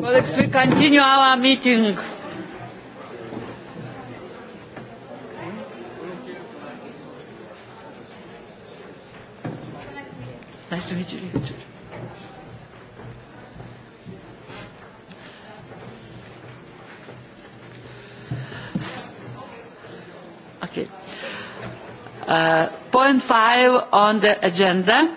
Colleagues, we continue our meeting. Nice to meet you. Okay. Uh, point five on the agenda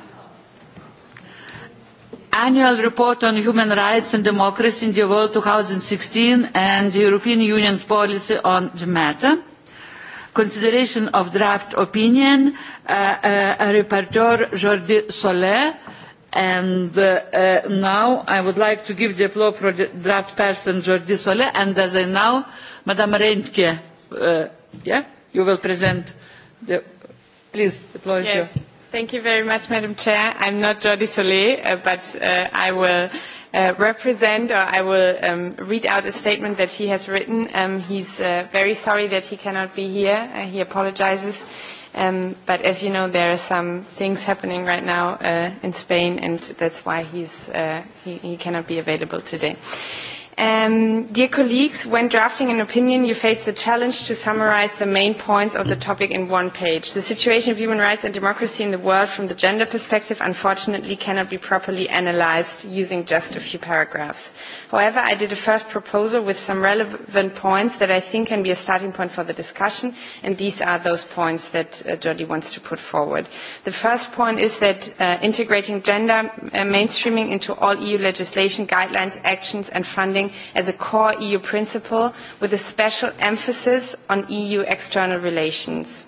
annual report on human rights and democracy in the world 2016 and the European Union's policy on the matter, consideration of draft opinion, uh, uh, rapporteur Jordi Soler, and uh, uh, now I would like to give the floor to the draft person Jordi Soler, and as I now, Madam Reintke, uh, yeah, you will present the, please, the floor is yes. yours. Thank you very much, Madam Chair. I'm not Jordi Solé, uh, but uh, I will uh, represent or I will um, read out a statement that he has written. Um, he's uh, very sorry that he cannot be here. Uh, he apologizes. Um, but as you know, there are some things happening right now uh, in Spain, and that's why he's, uh, he, he cannot be available today. Uh, Um, dear colleagues, when drafting an opinion, you face the challenge to summarize the main points of the topic in one page. The situation of human rights and democracy in the world from the gender perspective, unfortunately, cannot be properly analyzed using just a few paragraphs. However, I did a first proposal with some relevant points that I think can be a starting point for the discussion, and these are those points that uh, Jody wants to put forward. The first point is that uh, integrating gender uh, mainstreaming into all EU legislation, guidelines, actions, and funding safeguarding as a core EU principle with a special emphasis on EU external relations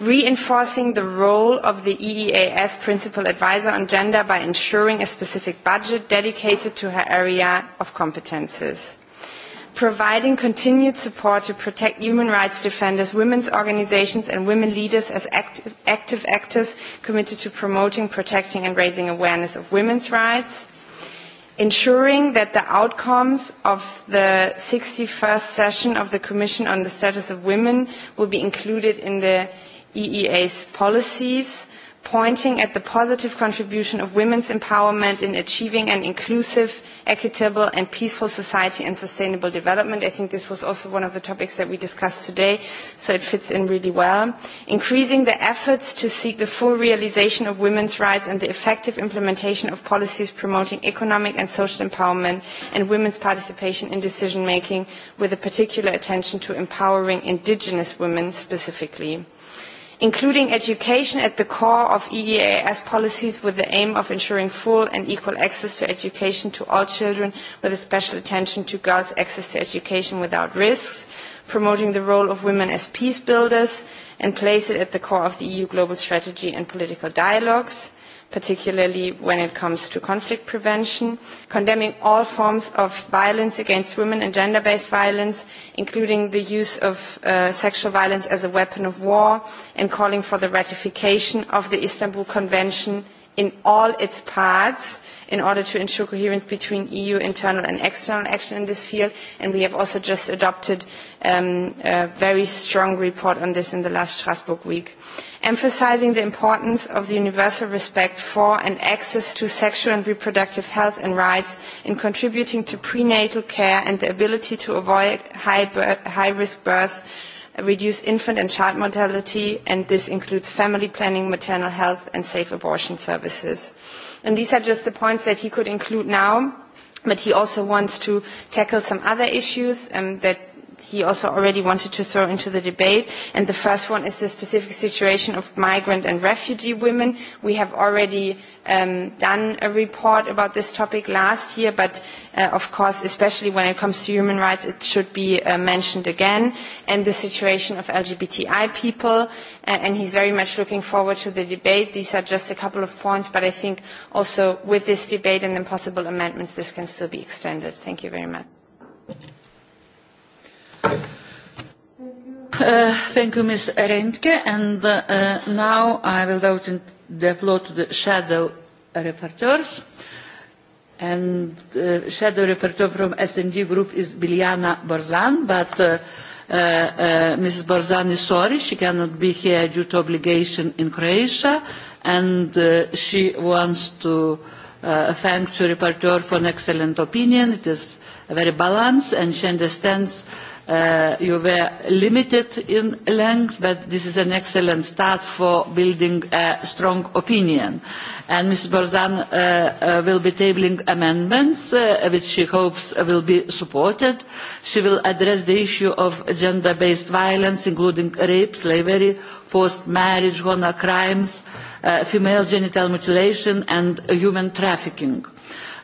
reinforcing the role of the EEAS Principal Advisor on Gender by ensuring a specific budget dedicated to her area of competences. Providing continued support to protect human rights defenders, women's organizations and women leaders as active, active actors committed to promoting, protecting and raising awareness of women's rights ensuring that the outcomes of the 61st session of the Commission on the Status of Women will be included in the EEA's policies, pointing at the positive contribution of women's empowerment in achieving an inclusive, equitable and peaceful society and sustainable development. I think this was also one of the topics that we discussed today, so it fits in really well. Increasing the efforts to seek the full realization of women's rights and the effective implementation of policies promoting economic and social empowerment and women's participation in decision making with a particular attention to empowering indigenous women specifically including education at the core of EEAS policies with the aim of ensuring full and equal access to education to all children with a special attention to girls' access to education without risks, promoting the role of women as peace builders, and place it at the core of the EU global strategy and political dialogues particularly when it comes to conflict prevention, condemning all forms of violence against women and gender-based violence, including the use of uh, sexual violence as a weapon of war, and calling for the ratification of the Istanbul Convention in all its parts in order to ensure coherence between EU internal and external action in this field. And we have also just adopted um, a very strong report on this in the last Strasbourg week, emphasizing the importance of the universal respect for and access to sexual and reproductive health and rights in contributing to prenatal care and the ability to avoid high-risk high birth reduce infant and child mortality, and this includes family planning, maternal health, and safe abortion services. And these are just the points that he could include now, but he also wants to tackle some other issues um, that he also already wanted to throw into the debate. And the first one is the specific situation of migrant and refugee women. We have already um, done a report about this topic last year, but uh, of course, especially when it comes to human rights, it should be uh, mentioned again, and the situation of LGBTI people. Uh, and he's very much looking forward to the debate. These are just a couple of points, but I think also with this debate and the possible amendments, this can still be extended. Thank you very much. Uh, thank you, Ms. Rentke. And uh, now I will open the floor to the shadow rapporteurs. And uh, shadow rapporteur from S&D Group is Biljana Borzan, but uh, uh, uh, Mrs. Borzan is sorry she cannot be here due to obligation in Croatia, and uh, she wants to uh, thank the rapporteur for an excellent opinion. It is very balanced, and she understands uh, Uh, you were limited in length, but this is an excellent start for building a strong opinion. And Ms. Borzan uh, uh, will be tabling amendments, uh, which she hopes will be supported. She will address the issue of gender-based violence, including rape, slavery, forced marriage, honor crimes, uh, female genital mutilation, and human trafficking.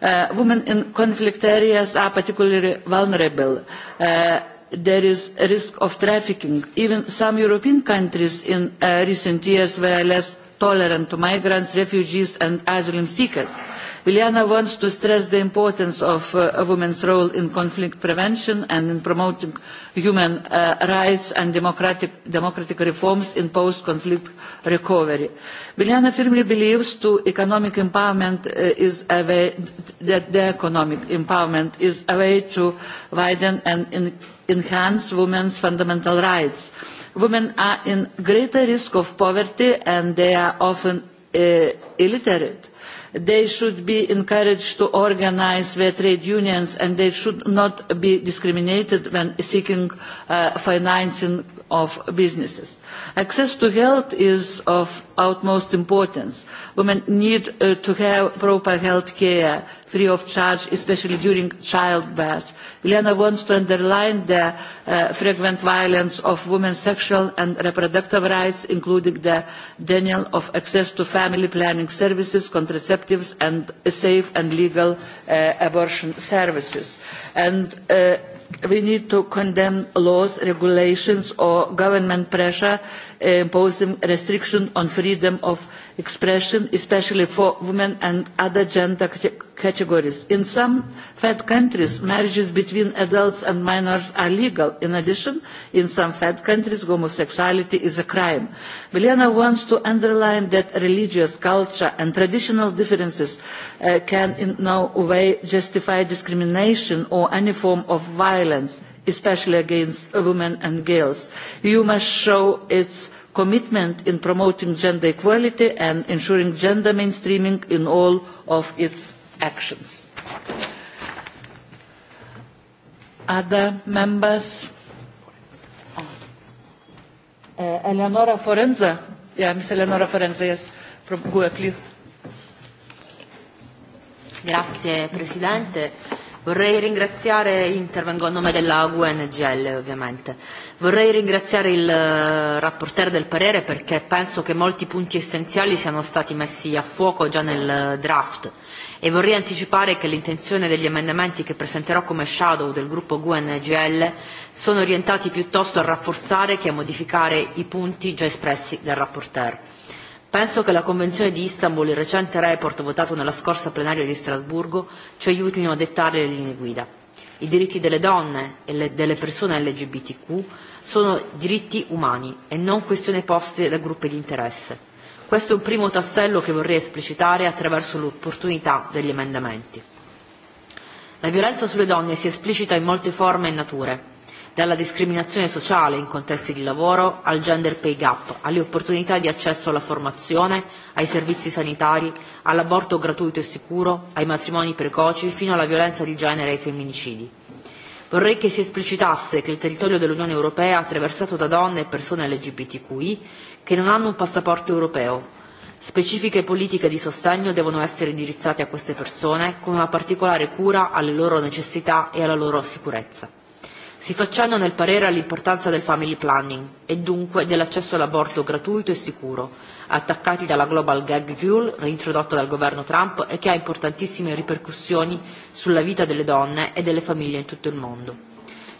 Uh, women in conflict areas are particularly vulnerable there is a risk of trafficking. Even some European countries in uh, recent years were less tolerant to migrants, refugees and asylum seekers. Viljana wants to stress the importance of uh, a woman's role in conflict prevention and in promoting human uh, rights and democratic, reforms in post-conflict recovery. Viljana firmly believes to economic empowerment uh, is a way, that the economic empowerment is a way to widen and enhance women's fundamental rights women are at greater risk of poverty and they are often eh, illiterate. They should be encouraged to organise their trade unions and they should not be discriminated against when seeking eh, financing of businesses. Access to health is of utmost importance. Women need eh, to have proper health care free of charge, especially during childbirth. Elena wants to underline the uh, frequent violence of women's sexual and reproductive rights, including the denial of access to family planning services, contraceptives, and safe and legal uh, abortion services. And uh, we need to condemn laws, regulations, or government pressure Uh, imposing restrictions on freedom of expression especially for women and other gender categories. in some fed countries marriages between adults and minors are legal. in addition in some fed countries homosexuality is a crime. milena wants to underline that religious culture and traditional differences uh, can in no way justify discrimination or any form of violence especially against uh, women and girls. the eu must show its commitment in promoting gender equality and ensuring gender mainstreaming in all of its actions. other members? Uh, eleonora forenza? yeah, ms. eleonora forenza, yes, from where, please. grazie presidente. Vorrei ringraziare, intervengo a nome della UNGL ovviamente, vorrei ringraziare il eh, rapportere del parere perché penso che molti punti essenziali siano stati messi a fuoco già nel eh, draft e vorrei anticipare che l'intenzione degli emendamenti che presenterò come shadow del gruppo UNGL sono orientati piuttosto a rafforzare che a modificare i punti già espressi dal rapporteur. Penso che la Convenzione di Istanbul e il recente report votato nella scorsa plenaria di Strasburgo ci aiutino a dettare le linee guida. I diritti delle donne e delle persone LGBTQ sono diritti umani e non questioni poste da gruppi di interesse. Questo è un primo tassello che vorrei esplicitare attraverso l'opportunità degli emendamenti. La violenza sulle donne si esplicita in molte forme e nature dalla discriminazione sociale in contesti di lavoro al gender pay gap, alle opportunità di accesso alla formazione, ai servizi sanitari, all'aborto gratuito e sicuro, ai matrimoni precoci, fino alla violenza di genere e ai femminicidi. Vorrei che si esplicitasse che il territorio dell'Unione Europea è attraversato da donne e persone LGBTQI che non hanno un passaporto europeo. Specifiche politiche di sostegno devono essere indirizzate a queste persone con una particolare cura alle loro necessità e alla loro sicurezza. Si fa cenno nel parere all'importanza del family planning e dunque dell'accesso all'aborto gratuito e sicuro, attaccati dalla Global Gag Rule reintrodotta dal governo Trump e che ha importantissime ripercussioni sulla vita delle donne e delle famiglie in tutto il mondo.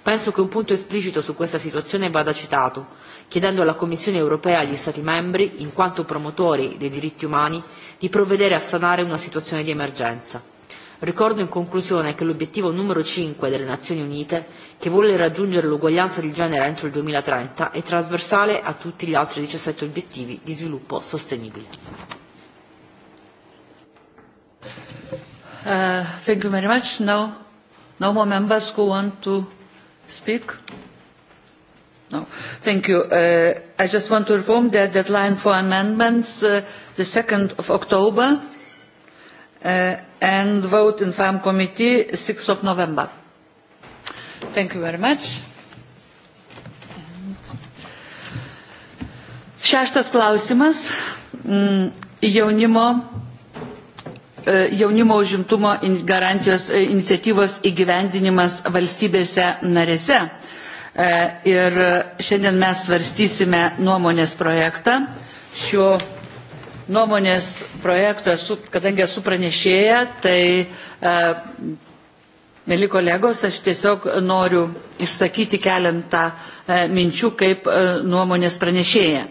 Penso che un punto esplicito su questa situazione vada citato, chiedendo alla Commissione europea e agli Stati membri, in quanto promotori dei diritti umani, di provvedere a sanare una situazione di emergenza. Ricordo in conclusione che l'obiettivo numero 5 delle Nazioni Unite, che vuole raggiungere l'uguaglianza di genere entro il 2030, è trasversale a tutti gli altri 17 obiettivi di sviluppo sostenibile. Uh, thank you very much. No, no more members who want to speak? No. Thank you. Uh, I just want to inform that deadline for amendments, uh, the 2nd of October uh, and vote in farm committee 6th of November. Thank you very much. Šeštas klausimas mm, jaunimo uh, jaunimo užimtumo garantijos uh, iniciatyvos įgyvendinimas valstybėse narėse. Uh, ir šiandien mes svarstysime nuomonės projektą šiuo nuomonės projektą, esu, kadangi esu pranešėja, tai, e, mėly kolegos, aš tiesiog noriu išsakyti keletą e, minčių kaip e, nuomonės pranešėja.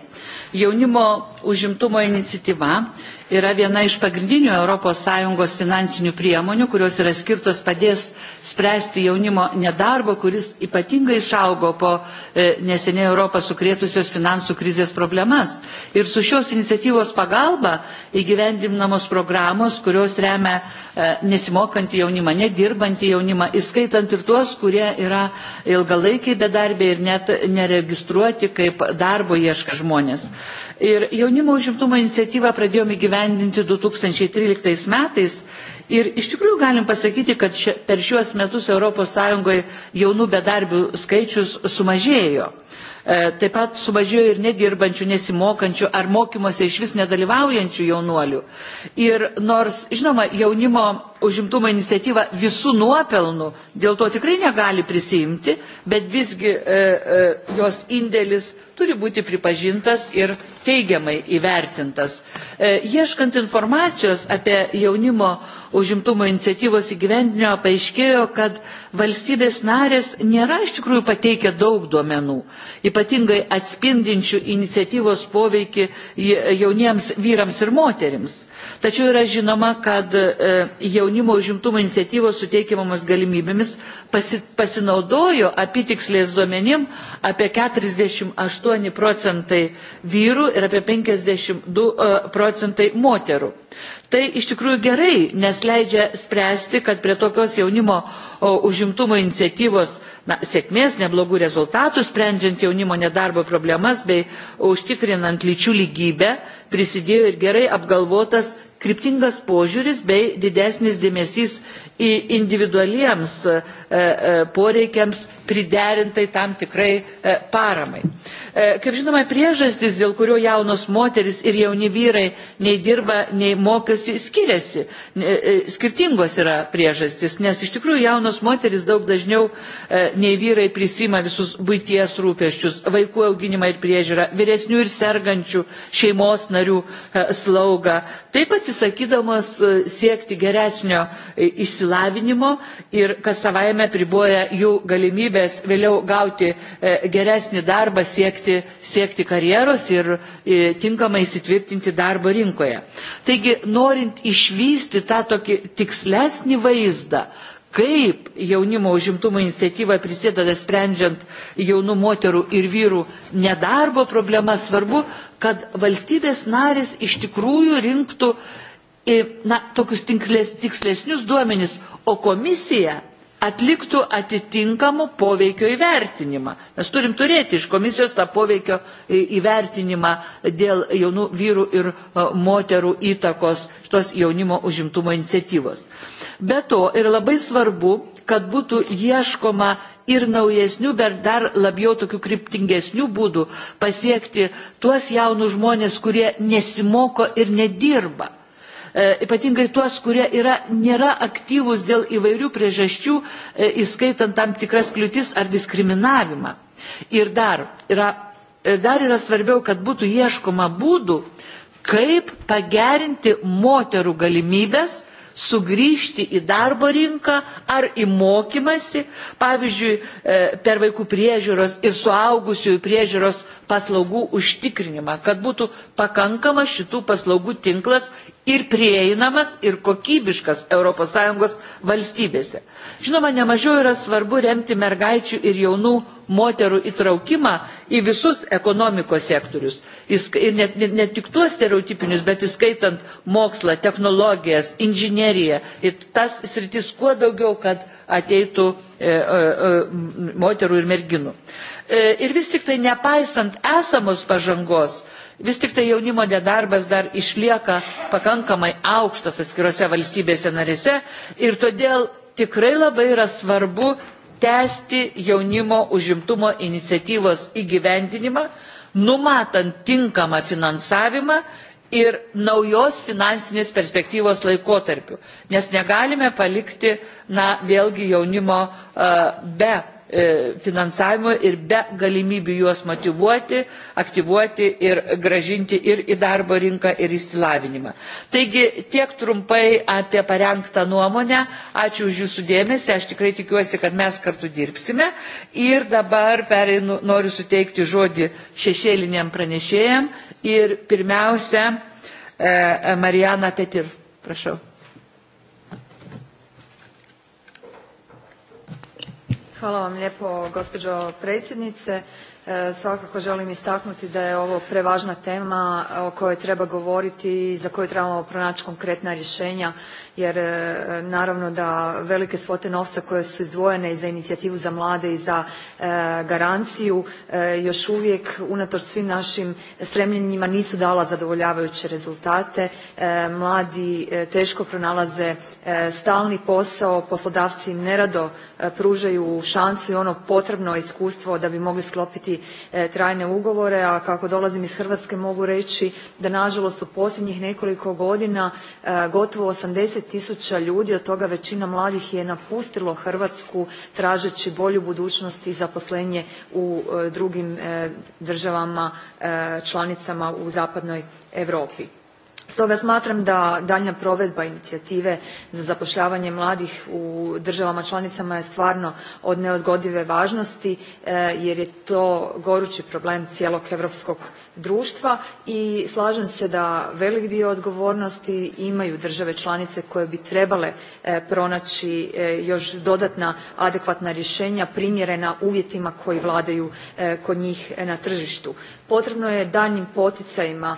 Jaunimo užimtumo iniciatyva yra viena iš pagrindinių sąjungos finansinių priemonių, kurios yra skirtos padės spręsti jaunimo nedarbą kuris ypatingai išaugo po e, neseniai Europą sukrėtusios finansų krizės problemas. Ir su šios iniciatyvos pagalba įgyvendinamos programos, kurios remia e, nesimokantį jaunimą, nedirbantį jaunimą, įskaitant ir tuos, kurie yra ilgalaikiai bedarbiai ir net neregistruoti kaip darbo ieška žmonės. Ir jaunimo užimtumo iniciatyvą pradėjome įgyvendinti įgyvendinti 2013 metais. Ir iš tikrųjų galim pasakyti, kad šia, per šiuos metus ES jaunų bedarbių skaičius sumažėjo. E, Taip pat sumažėjo ir nedirbančių, nesimokančių ar mokymuose iš vis nedalyvaujančių jaunuolių. Ir nors, žinoma, jaunimo užimtumo iniciatyva visų nuopelnų, dėl to tikrai negali prisimti, bet visgi e, e, jos indėlis turi būti pripažintas ir teigiamai įvertintas. E, ieškant informacijos apie jaunimo užimtumo iniciatyvos įgyvendinio paaiškėjo, kad valstybės narės nėra iš tikrųjų pateikę daug duomenų, ypatingai atspindinčių iniciatyvos poveikį jauniems vyrams ir moterims. Tačiau yra žinoma, kad e, jaunimo užimtumo iniciatyvos suteikiamomis galimybėmis pasinaudojo apitiksliais duomenim apie 48 procentai vyrų ir apie 52 e, procentai moterų. Tai iš tikrųjų gerai, nes leidžia spręsti, kad prie tokios jaunimo užimtumo iniciatyvos na, sėkmės, neblogų rezultatų, sprendžiant jaunimo nedarbo problemas bei užtikrinant lyčių lygybę, prisidėjo ir gerai apgalvotas kryptingas požiūris bei didesnis dėmesys į individualiems e, e, poreikiams priderintai tam tikrai e, paramai. Kaip žinoma, priežastys, dėl kurio jaunos moteris ir jauni vyrai nei dirba, nei mokosi, skiriasi. Skirtingos yra priežastys, nes iš tikrųjų jaunos moteris daug dažniau nei vyrai prisima visus būties rūpeščius, vaikų auginimą ir priežiūrą, vyresnių ir sergančių šeimos narių slaugą. Taip pat atsisakydamos e, siekti geresnio e, išsilavinimo ir kas savaime priboja jų galimybės vėliau gauti e, geresnį darbą, siekti, siekti karjeros ir tinkamai įsitvirtinti darbo rinkoje. Taigi, norint išvysti tą tokį tikslesnį vaizdą, kaip jaunimo užimtumo iniciatyva prisideda sprendžiant jaunų moterų ir vyrų nedarbo problemas, svarbu, kad valstybės narės iš tikrųjų rinktų e, na, tokius tinklės, tikslesnius duomenis, o komisija atliktų atitinkamų poveikio įvertinimą. Mes turim turėti iš komisijos tą poveikio e, įvertinimą dėl jaunų vyrų ir e, moterų įtakos šitos jaunimo užimtumo iniciatyvos. Be to yra labai svarbu, kad būtų ieškoma ir naujesnių, bet dar labiau tokių kryptingesnių būdų pasiekti tuos jaunus žmonės, kurie nesimoko ir nedirba. E, ypatingai tuos, kurie yra, nėra aktyvūs dėl įvairių priežasčių, e, įskaitant tam tikras kliūtis ar diskriminavimą. Ir dar yra, e, dar yra svarbiau, kad būtų ieškoma būdų, kaip pagerinti moterų galimybės sugrįžti į darbo rinką ar į mokymasi, pavyzdžiui, e, per vaikų priežiūros ir suaugusiųjų priežiūros paslaugų užtikrinimą, kad būtų pakankama šitų paslaugų tinklas ir prieinamas, ir kokybiškas ES valstybėse. Žinoma, nemažiau yra svarbu remti mergaičių ir jaunų moterų įtraukimą į visus ekonomikos sektorius. Ir ne, ne, ne tik tuos stereotipinius, bet įskaitant mokslą, technologijas, inžineriją. Ir tas sritis kuo daugiau, kad ateitų e, e, e moterų ir merginų. E, ir vis tik tai nepaisant esamos pažangos, Vis tik tai jaunimo nedarbas dar išlieka pakankamai aukštas atskirose valstybėse narėse ir todėl tikrai labai yra svarbu tęsti jaunimo užimtumo iniciatyvos įgyvendinimą, numatant tinkamą finansavimą ir naujos finansinės perspektyvos laikotarpiu, nes negalime palikti, na, vėlgi jaunimo be E, finansavimo ir be galimybių juos motivuoti, aktyvuoti ir gražinti ir į darbo rinką, ir įsilavinimą. Taigi tiek trumpai apie parengtą nuomonę. Ačiū už Jūsų dėmesį. Aš tikrai tikiuosi, kad mes kartu dirbsime. Ir dabar pereinu, noriu suteikti žodį šešėliniam pranešėjam ir pirmiausia e, Marijana Petir. Prašau. Hvala vam lijepo, gospođo predsjednice. E, svakako želim istaknuti da je ovo prevažna tema o kojoj treba govoriti i za koju trebamo pronaći konkretna rješenja jer e, naravno da velike svote novca koje su izdvojene i za inicijativu za mlade i za e, garanciju još uvijek unatoč svim našim stremljenjima nisu dala zadovoljavajuće rezultate. Mladi teško pronalaze stalni posao, poslodavci im nerado pružaju šansu i ono potrebno iskustvo da bi mogli sklopiti Eh, trajne ugovore, a kako dolazim iz Hrvatske mogu rei da naalost u posljednjih nekoliko godina eh, gotovo 80 tisuća ljudi, od toga veina mladih je napustilo Hrvatsku traei bolju budunost i zaposlenje u eh, drugim dravama lanicama u zapadnoj Europi. Stoga smatram da daljnja provedba inicijative za zapošljavanje mladih u državama članicama je stvarno od neodgodive važnosti e, jer je to gorući problem cijelog europskog društva i slažem se da velik dio odgovornosti imaju države članice koje bi trebale e, pronaći e, još dodatna adekvatna rješenja primjerena uvjetima koji vladaju kod njih na tržištu. Potrebno je daljnjim poticajima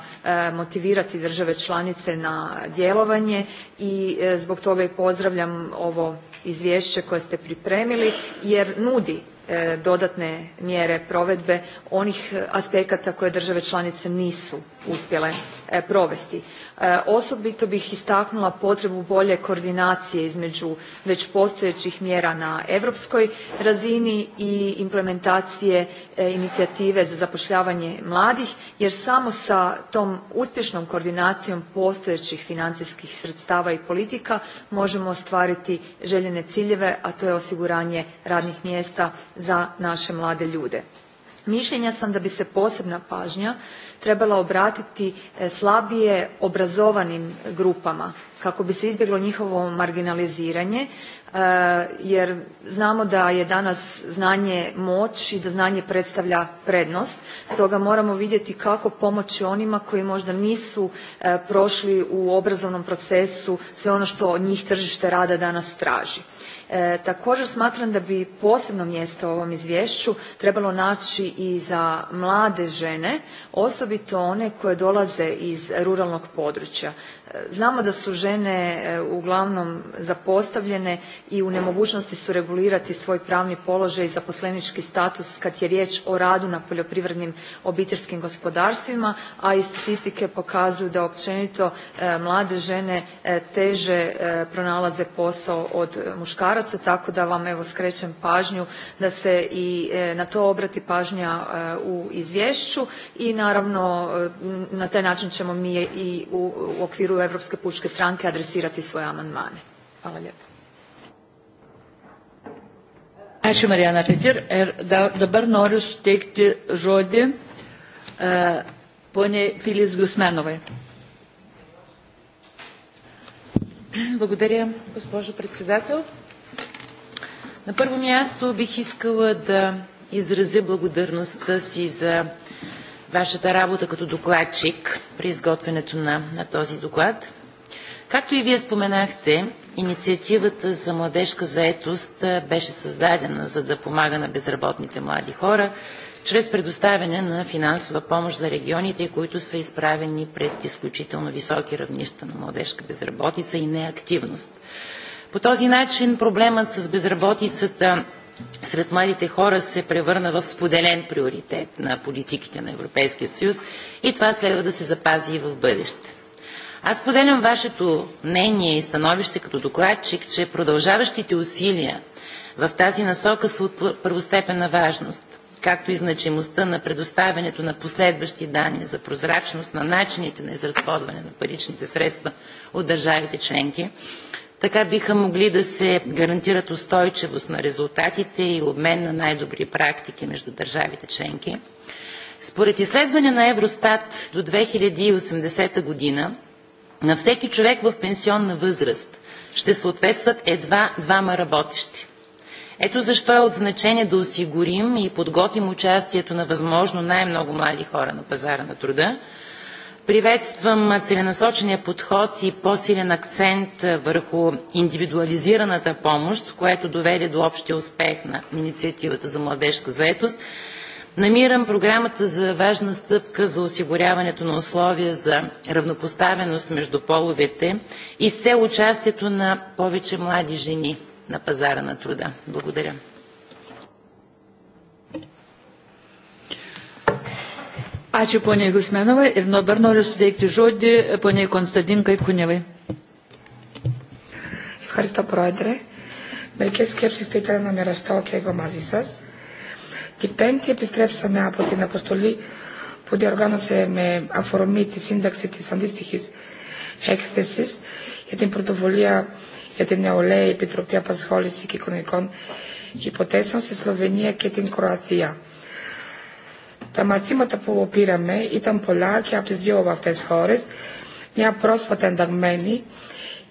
motivirati države članice članice na djelovanje i e, zbog toga i pozdravljam ovo izvješće koje ste pripremili jer nudi e, dodatne mjere provedbe onih e, aspekata koje države članice nisu uspjele e, provesti. E, osobito bih istaknula potrebu bolje koordinacije između već postojećih mjera na europskoj razini i implementacije e, inicijative za zapošljavanje mladih jer samo sa tom uspješnom koordinacijom postojećih financijskih sredstava i politika možemo ostvariti željene ciljeve, a to je osiguranje radnih mjesta za naše mlade ljude. Mišljenja sam da bi se posebna pažnja trebala obratiti e, slabije obrazovanim grupama kako bi se izbjeglo njihovo marginaliziranje e, jer znamo da je danas znanje moć i da znanje predstavlja prednost. Stoga moramo vidjeti kako pomoći onima koji možda nisu e, prošli u obrazovnom procesu sve ono što od njih tržište rada danas traži. E, također smatram da bi posebno mjesto u ovom izvješću trebalo naći i za mlade žene, osobito one koje dolaze iz ruralnog područja. E, znamo da su žene e, uglavnom zapostavljene i u nemogućnosti su regulirati svoj pravni položaj i zaposlenički status kad je riječ o radu na poljoprivrednim obiteljskim gospodarstvima, a i statistike pokazuju da općenito mlade žene teže pronalaze posao od muškaraca muškaraca, tako da vam evo skrećem pažnju da se i e, na to obrati pažnja e, u izvješću i naravno e, na taj način ćemo mi i u, u okviru Europske pučke stranke adresirati svoje amandmane. Hvala lijepo. Ačiū Marijana Petir. Ir dabar noriu suteikti žodį uh, poniai Filis Gusmenovai. Благодаря, госпожо председател. На първо място бих искала да изразя благодарността си за вашата работа като докладчик при изготвянето на, на този доклад. Както и вие споменахте, инициативата за младежка заетост беше създадена за да помага на безработните млади хора чрез предоставяне на финансова помощ за регионите, които са изправени пред изключително високи равнища на младежка безработица и неактивност. По този начин проблемът с безработицата сред младите хора се превърна в споделен приоритет на политиките на Европейския съюз и това следва да се запази и в бъдеще. Аз поделям вашето мнение и становище като докладчик, че продължаващите усилия в тази насока са от първостепенна важност, както и значимостта на предоставянето на последващи данни за прозрачност на начините на изразходване на паричните средства от държавите членки, Така биха могли да се гарантират устойчивост на резултатите и обмен на най-добри практики между държавите членки. Според изследване на Евростат до 2080 година на всеки човек в пенсионна възраст ще съответстват едва двама работещи. Ето защо е от значение да осигурим и подготвим участието на възможно най-много млади хора на пазара на труда, Приветствам целенасочения подход и по-силен акцент върху индивидуализираната помощ, което доведе до общия успех на инициативата за младежка заетост. Намирам програмата за важна стъпка за осигуряването на условия за равнопоставеност между половете и с цел участието на повече млади жени на пазара на труда. Благодаря. Ačiū poniai Gusmenovai ir nuo dabar noriu suteikti žodį poniai Konstantinkai Kunevai. Ευχαριστώ Πρόεδρε. Μερικές σκέψεις θα ήθελα να μοιραστώ και εγώ μαζί σας. Την Πέμπτη επιστρέψαμε από την αποστολή που διοργάνωσε με αφορμή τη σύνταξη της για την πρωτοβουλία για την νεολαία Επιτροπή Απασχόληση και Οικονομικών Υποθέσεων στη Σλοβενία και την Κροατία. Τα μαθήματα που πήραμε ήταν πολλά και από τις δύο από αυτές χώρες, μια πρόσφατα ενταγμένη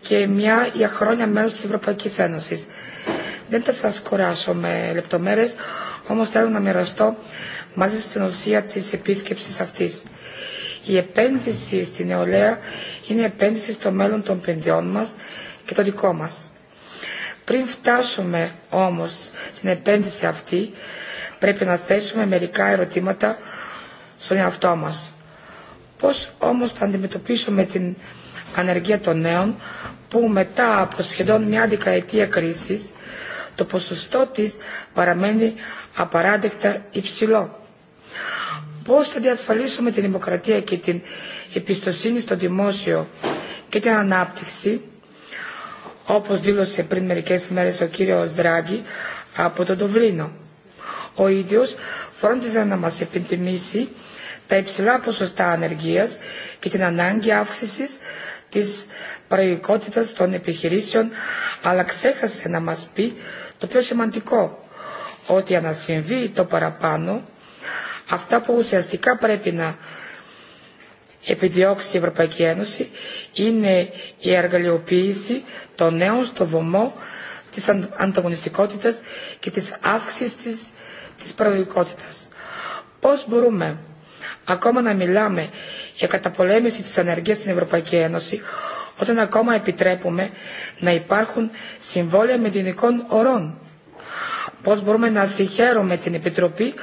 και μια για χρόνια μέλος της Ευρωπαϊκής Ένωσης. Δεν θα σας κουράσω με λεπτομέρειες, όμως θέλω να μοιραστώ μαζί στην ουσία της επίσκεψης αυτής. Η επένδυση στην νεολαία είναι επένδυση στο μέλλον των παιδιών μας και το δικό μας. Πριν φτάσουμε όμως στην επένδυση αυτή, πρέπει να θέσουμε μερικά ερωτήματα στον εαυτό μας. Πώς όμως θα αντιμετωπίσουμε την ανεργία των νέων που μετά από σχεδόν μια δεκαετία κρίσης το ποσοστό της παραμένει απαράδεκτα υψηλό. Πώς θα διασφαλίσουμε την δημοκρατία και την εμπιστοσύνη στο δημόσιο και την ανάπτυξη, όπως δήλωσε πριν μερικές μέρες ο κύριος Δράγκη από το Δουβλίνο ο ίδιος φρόντιζε να μας επιθυμήσει τα υψηλά ποσοστά ανεργίας και την ανάγκη αύξησης της παραγωγικότητας των επιχειρήσεων, αλλά ξέχασε να μας πει το πιο σημαντικό, ότι συμβεί το παραπάνω, αυτά που ουσιαστικά πρέπει να επιδιώξει η Ευρωπαϊκή Ένωση είναι η εργαλειοποίηση των νέων στο βωμό της ανταγωνιστικότητας και της αύξησης της της προοδικότητας. Πώς μπορούμε ακόμα να μιλάμε για καταπολέμηση της ανεργίας στην Ευρωπαϊκή Ένωση, όταν ακόμα επιτρέπουμε να υπάρχουν συμβόλαια με δινικών ορών. Πώς μπορούμε να συγχαίρουμε την Επιτροπή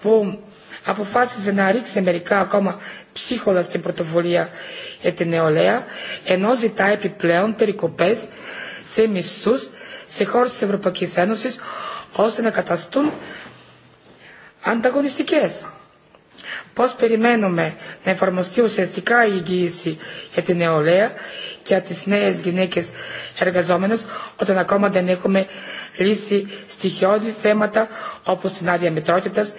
που αποφάσισε να ρίξει μερικά ακόμα ψύχολα στην πρωτοβουλία για την νεολαία, ενώ ζητά επιπλέον περικοπές σε μισθούς σε χώρες της Ευρωπαϊκής Ένωσης, ώστε να καταστούν ανταγωνιστικές. Πώς περιμένουμε να εφαρμοστεί ουσιαστικά η εγγύηση για την νεολαία και για τις νέες γυναίκες εργαζόμενες όταν ακόμα δεν έχουμε λύσει στοιχειώδη θέματα όπως την άδεια μητρότητας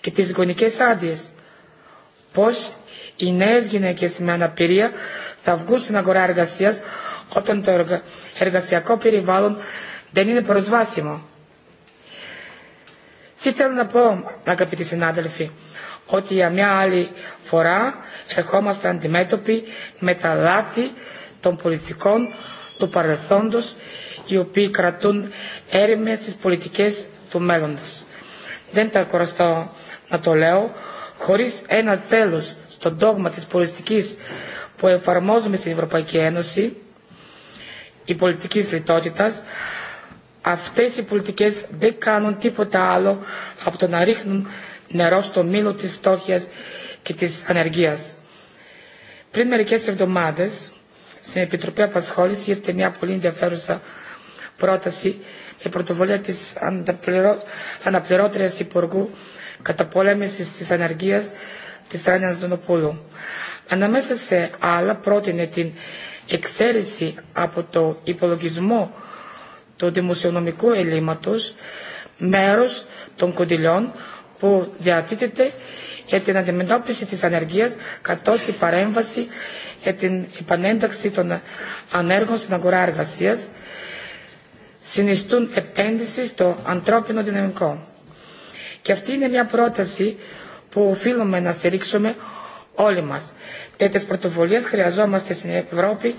και τις γονικές άδειες. Πώς οι νέες γυναίκες με αναπηρία θα βγουν στην αγορά εργασίας όταν το εργασιακό περιβάλλον δεν είναι προσβάσιμο. Τι θέλω να πω, αγαπητοί συνάδελφοι, ότι για μια άλλη φορά ερχόμαστε αντιμέτωποι με τα λάθη των πολιτικών του παρελθόντος οι οποίοι κρατούν έρημες στις πολιτικές του μέλλοντος. Δεν τα κοραστώ να το λέω, χωρίς ένα τέλος στο ντόγμα της πολιτικής που εφαρμόζουμε στην Ευρωπαϊκή Ένωση, η πολιτική λιτότητας, αυτές οι πολιτικές δεν κάνουν τίποτα άλλο από το να ρίχνουν νερό στο μήλο της φτώχειας και της ανεργίας. Πριν μερικές εβδομάδες, στην Επιτροπή Απασχόληση ήρθε μια πολύ ενδιαφέρουσα πρόταση με πρωτοβουλία της αναπληρω... αναπληρώτριας Υπουργού Καταπολέμησης της Ανεργίας της Ράνιας Δονοπούλου. Ανάμεσα σε άλλα πρότεινε την εξαίρεση από το υπολογισμό το δημοσιονομικού ελλείμματος μέρος των κοντιλιών που διατίθεται για την αντιμετώπιση της ανεργίας καθώς η παρέμβαση για την επανένταξη των ανέργων στην αγορά εργασίας συνιστούν επένδυση στο ανθρώπινο δυναμικό. Και αυτή είναι μια πρόταση που οφείλουμε να στηρίξουμε όλοι μας. Τέτοιες πρωτοβολίες χρειαζόμαστε στην Ευρώπη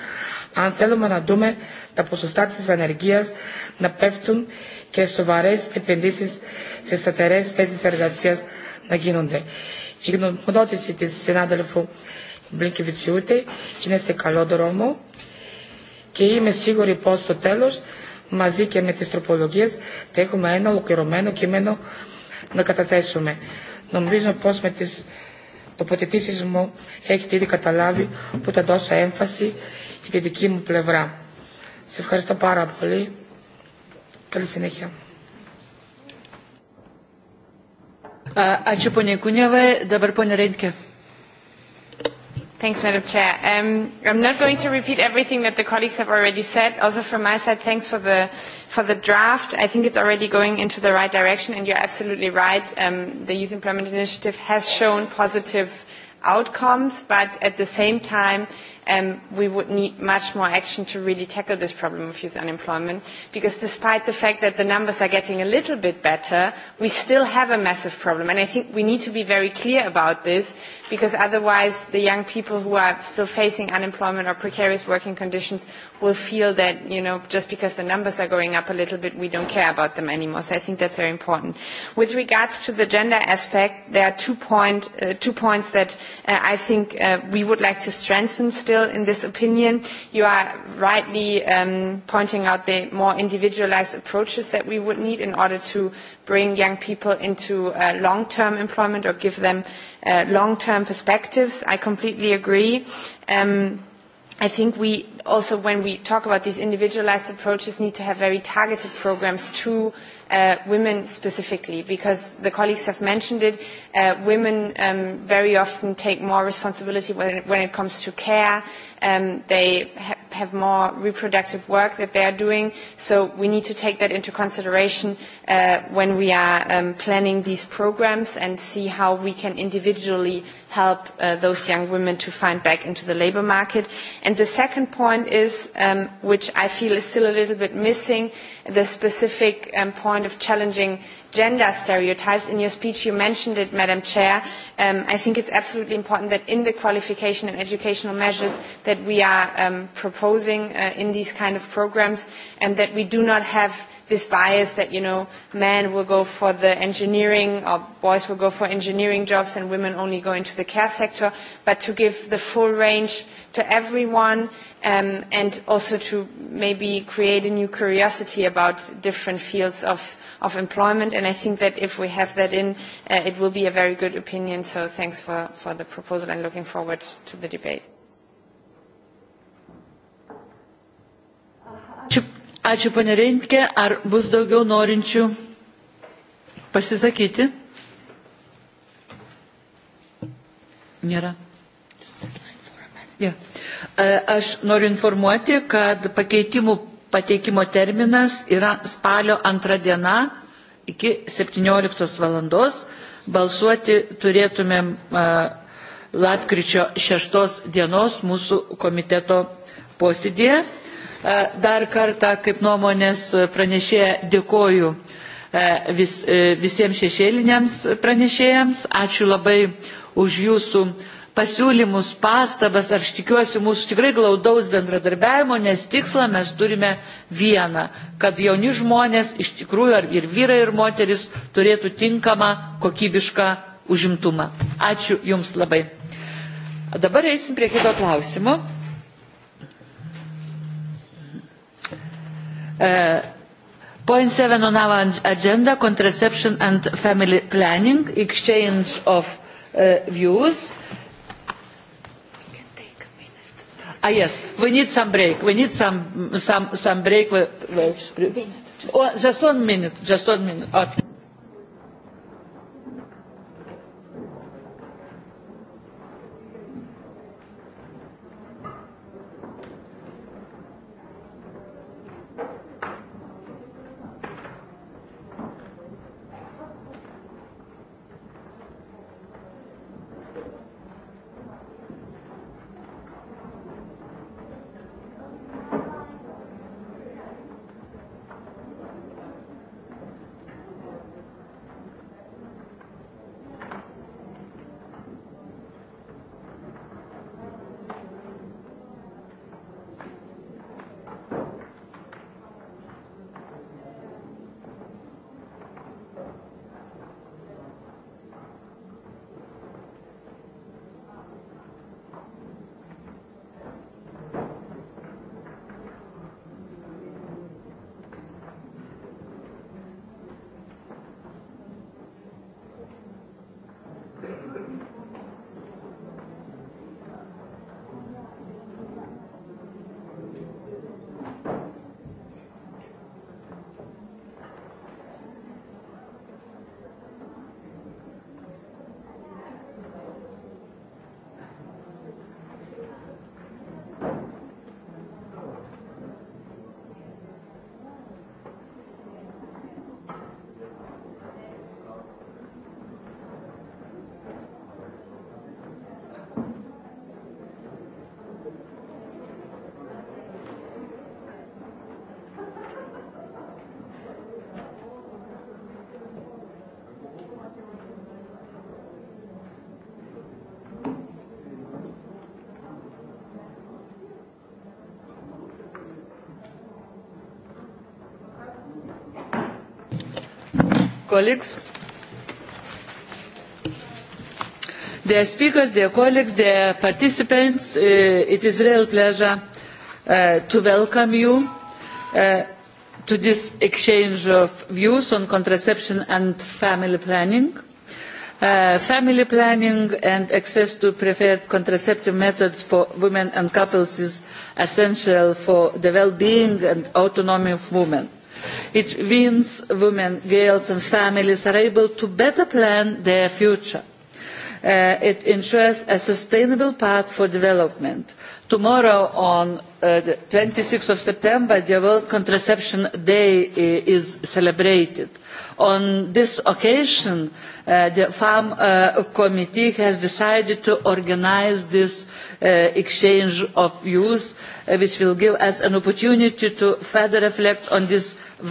αν θέλουμε να δούμε τα ποσοστά της ανεργίας να πέφτουν και σοβαρές επενδύσεις σε σταθερές θέσεις εργασίας να γίνονται. Η γνωμοδότηση της συνάδελφου Μπλίνκεβιτσιούτη είναι σε καλό δρόμο και είμαι σίγουρη πως στο τέλος μαζί και με τις τροπολογίες θα έχουμε ένα ολοκληρωμένο κείμενο να καταθέσουμε. Νομίζω πως με τις τοποθετήσεις μου έχετε ήδη καταλάβει που θα δώσω έμφαση για τη δική μου πλευρά. Σε ευχαριστώ πάρα πολύ. Καλή συνέχεια. Uh, ačiū poniai Kunevai, dabar ponia Reintke. Thanks, Madam Chair. Um, I'm not going to repeat everything that the colleagues have already said. Also from my side, thanks for the, for the draft. I think it's already going into the right direction, and you're absolutely right. Um, the Youth Employment Initiative has shown positive outcomes, but at the same time, um, we would need much more action to really tackle this problem of youth unemployment because despite the fact that the numbers are getting a little bit better, we still have a massive problem. And I think we need to be very clear about this because otherwise the young people who are still facing unemployment or precarious working conditions will feel that, you know, just because the numbers are going up a little bit, we don't care about them anymore. So I think that's very important. With regards to the gender aspect, there are two, point, uh, two points that uh, I think uh, we would like to strengthen still still in this opinion. You are rightly um, pointing out the more individualized approaches that we would need in order to bring young people into uh, long-term employment or give them uh, long-term perspectives. I completely agree. Um, I think we also, when we talk about these individualized approaches, need to have very targeted programs to uh, women specifically, because the colleagues have mentioned it. Uh, women um, very often take more responsibility when, when it comes to care. Um, they ha- have more reproductive work that they are doing. So we need to take that into consideration uh, when we are um, planning these programs and see how we can individually help uh, those young women to find back into the labor market. And the second point is, um, which I feel is still a little bit missing, the specific um, point of challenging gender stereotypes. In your speech, you mentioned it, Madam Chair. Um, I think it's absolutely important that in the qualification and educational measures that we are um, proposing uh, in these kind of programs, and that we do not have this bias that, you know, men will go for the engineering or boys will go for engineering jobs and women only go into the care sector, but to give the full range to everyone um, and also to maybe create a new curiosity about different fields of, of employment. And I think that if we have that in, uh, it will be a very good opinion. So thanks for, for the proposal and looking forward to the debate. Ačiū, ponė Reintke. Ar bus daugiau norinčių pasisakyti? Nėra. Aš noriu informuoti, kad pakeitimų pateikimo terminas yra spalio antrą dieną iki 17 valandos. Balsuoti turėtumėm lapkričio 6 dienos mūsų komiteto posėdėje. E, dar kartą, kaip nuomonės pranešėja, dėkoju e, vis, e, visiems šešėliniams pranešėjams. Ačiū labai už jūsų pasiūlymus, pastabas, aš tikiuosi mūsų tikrai glaudaus bendradarbiavimo, nes tikslą mes turime vieną, kad jauni žmonės iš tikrųjų ir vyrai, ir moteris turėtų tinkamą kokybišką užimtumą. Ačiū Jums labai. Dabar eisim prie kito klausimo. Uh, point seven on our agenda contraception and family planning exchange of uh, views ah yes we need some break we need some some some break minute, just... Oh, just one minute just one minute okay. colleagues. Dear speakers, dear colleagues, dear participants, uh, it is a real pleasure uh, to welcome you uh, to this exchange of views on contraception and family planning. Uh, family planning and access to preferred contraceptive methods for women and couples is essential for the well-being and autonomy of women it means women, girls and families are able to better plan their future. Uh, it ensures a sustainable path for development tomorrow on twenty uh, six september the world contraception day uh, is celebrated. on this occasion uh, the femm uh, committee has decided to organise this exchange of views which will give us an opportunity to further reflect on this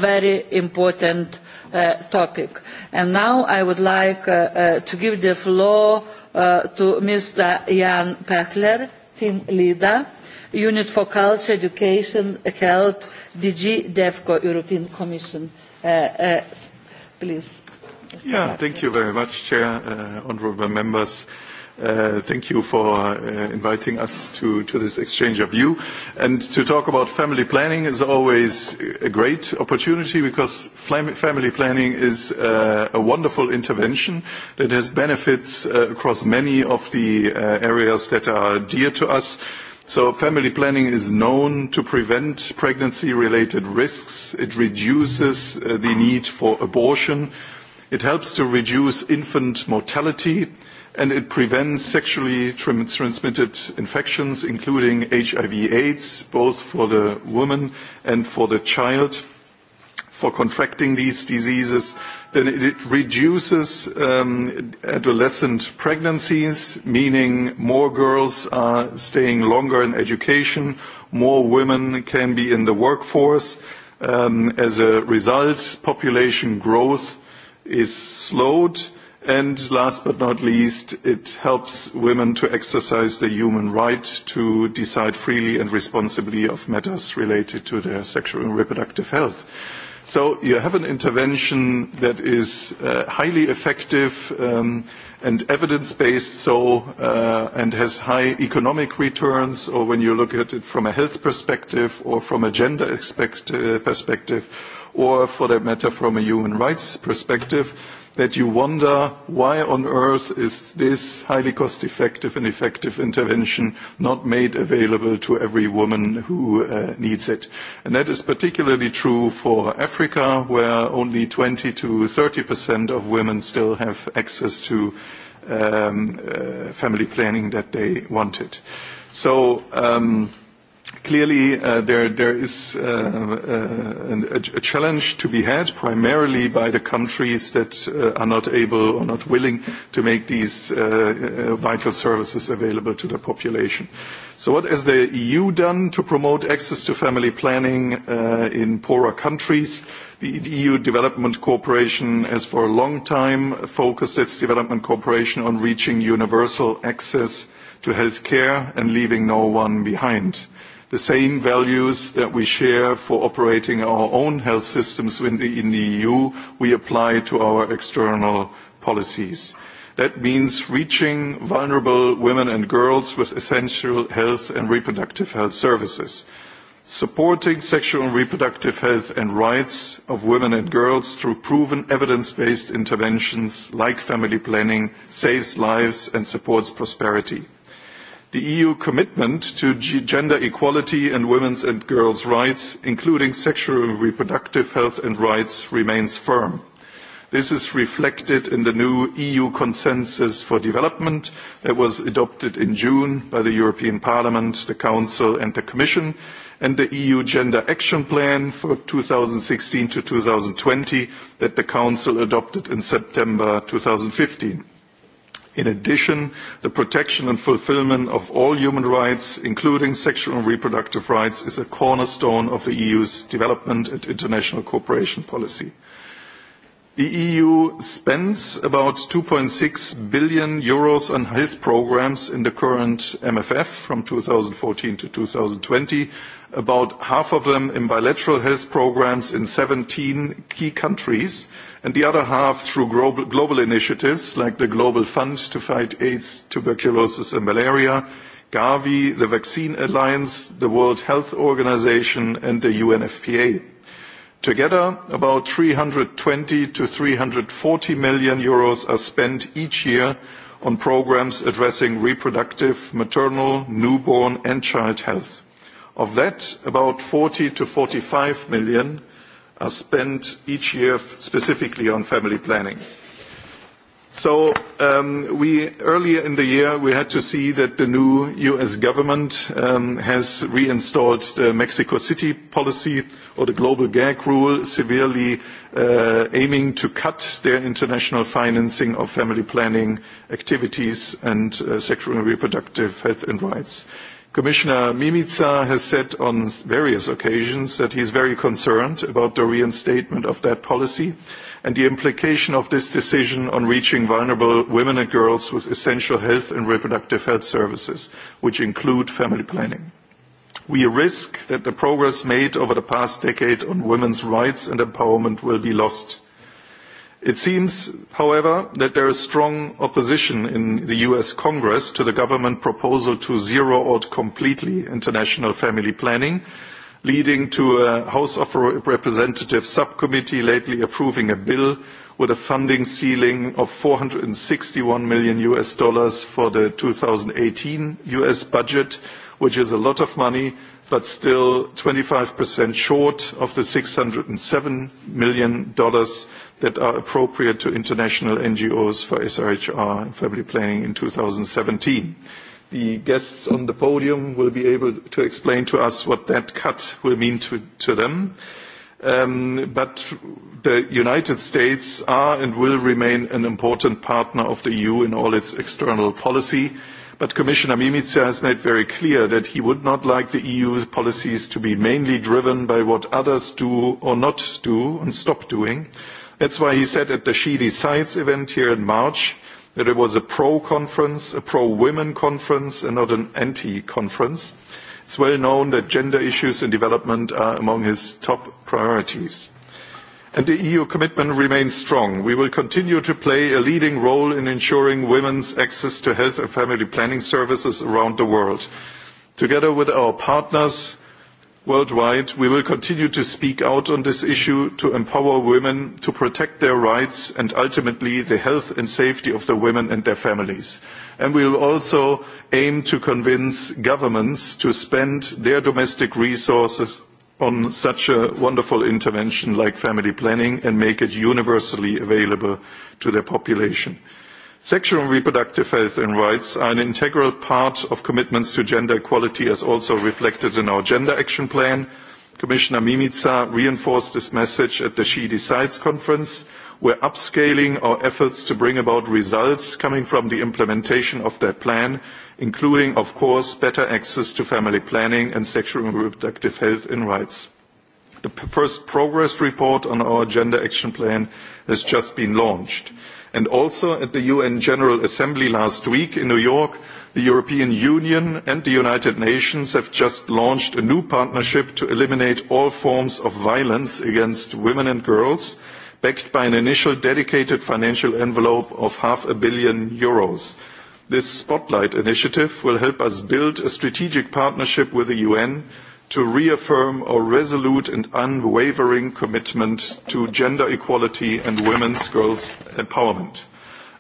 very important topic. And now I would like to give the floor to Mr. Jan Pechler, team leader, Unit for Culture, Education, Health, DG Devco, European Commission. Uh, uh, please. Yeah, thank you very much, Chair, uh, honourable members. Uh, Uh, thank you for uh, inviting us to, to this exchange of view. And to talk about family planning is always a great opportunity because family planning is uh, a wonderful intervention that has benefits uh, across many of the uh, areas that are dear to us. So family planning is known to prevent pregnancy-related risks. It reduces uh, the need for abortion. It helps to reduce infant mortality and it prevents sexually transmitted infections, including HIV/AIDS, both for the woman and for the child, for contracting these diseases. Then it reduces um, adolescent pregnancies, meaning more girls are staying longer in education, more women can be in the workforce. Um, as a result, population growth is slowed And last but not least, it helps women to exercise their human right to decide freely and responsibly of matters related to their sexual and reproductive health. So you have an intervention that is uh, highly effective um, and evidence-based, so uh, and has high economic returns, or when you look at it from a health perspective or from a gender expect, uh, perspective, or for that matter, from a human rights perspective that you wonder why on earth is this highly cost effective and effective intervention not made available to every woman who uh, needs it. And that is particularly true for Africa, where only 20 to 30 percent of women still have access to um, uh, family planning that they wanted. So um, Clearly, uh, there, is uh, uh, a, challenge to be had primarily by the countries that are not able or not willing to make these vital services available to the population. So what has the EU done to promote access to family planning in poorer countries? The EU e Development Cooperation has for a long time focused its development cooperation on reaching universal access to health care and leaving no one behind the same values that we share for operating our own health systems in the, EU, e we apply to our external policies. That means reaching vulnerable women and girls with essential health and reproductive health services, supporting sexual and reproductive health and rights of women and girls through proven evidence-based interventions like family planning saves lives and supports prosperity the EU commitment to gender equality and women's and girls' rights, including sexual and reproductive health and rights, remains firm. This is reflected in the new EU consensus for development that was adopted in June by the European Parliament, the Council and the Commission, and the EU Gender Action Plan for 2016 to 2020 that the Council adopted in September 2015. In addition, the protection and fulfilment of all human rights, including sexual and reproductive rights, is a cornerstone of the EU's development and international cooperation policy. The EU spends about 2.6 billion euros on health programs in the current MFF from 2014 to 2020, about half of them in bilateral health programs in 17 key countries, and the other half through global initiatives like the Global Fund to Fight AIDS, Tuberculosis and Malaria, Gavi, the Vaccine Alliance, the World Health Organization and the UNFPA. Together, about 320 to 340 million euros are spent each year on programs addressing reproductive, maternal, newborn and child health. Of that, about 40 to 45 million are spent each year specifically on family planning. So um, we earlier in the year we had to see that the new U.S. government um, has reinstalled the Mexico City policy or the global gag rule, severely uh, aiming to cut their international financing of family planning activities and uh, sexual and reproductive health and rights. Commissioner Mimica has said on various occasions that he is very concerned about the reinstatement of that policy and the implication of this decision on reaching vulnerable women and girls with essential health and reproductive health services, which include family planning. We risk that the progress made over the past decade on women's rights and empowerment will be lost It seems, however, that there is strong opposition in the US Congress to the government proposal to zero out completely international family planning, leading to a House of Representatives subcommittee lately approving a bill with a funding ceiling of 461 million US dollars for the 2018 US budget, which is a lot of money but still 25% short of the $607 million that are appropriate to international NGOs for SRHR and family planning in 2017. The guests on the podium will be able to explain to us what that cut will mean to, them. Um, but the United States are and will remain an important partner of the EU in all its external policy, but Commissioner Mimica has made very clear that he would not like the EU's policies to be mainly driven by what others do or not do and stop doing. That's why he said at the She Decides event here in March that it was a pro-conference, a pro-women conference, and not an anti-conference. It's well known that gender issues and development are among his top priorities and the EU commitment remains strong. We will continue to play a leading role in ensuring women's access to health and family planning services around the world. Together with our partners worldwide, we will continue to speak out on this issue to empower women to protect their rights and ultimately the health and safety of the women and their families. we will also aim to convince governments to spend their domestic resources on such a wonderful intervention like family planning and make it universally available to their population. Sexual and reproductive health and rights are an integral part of commitments to gender equality as also reflected in our Gender Action Plan. Commissioner Mimica reinforced this message at the She Decides conference We're upscaling our efforts to bring about results coming from the implementation of that plan, including, of course, better access to family planning and sexual and reproductive health and rights. The first progress report on our gender action plan has just been launched. And also at the UN General Assembly last week in New York, the European Union and the United Nations have just launched a new partnership to eliminate all forms of violence against women and girls – backed by an initial dedicated financial envelope of half a billion euros. This Spotlight initiative will help us build a strategic partnership with the UN to reaffirm our resolute and unwavering commitment to gender equality and women's growth empowerment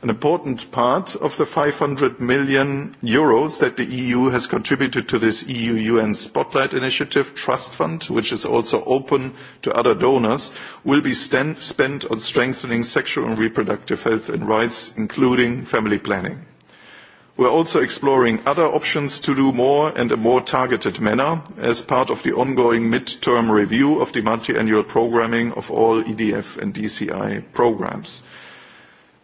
an important part of the 500 million euros that the EU has contributed to this EU-UN Spotlight Initiative Trust Fund, which is also open to other donors, will be spent on strengthening sexual and reproductive health and rights, including family planning. We're also exploring other options to do more in a more targeted manner as part of the ongoing mid-term review of the multi-annual programming of all EDF and DCI programs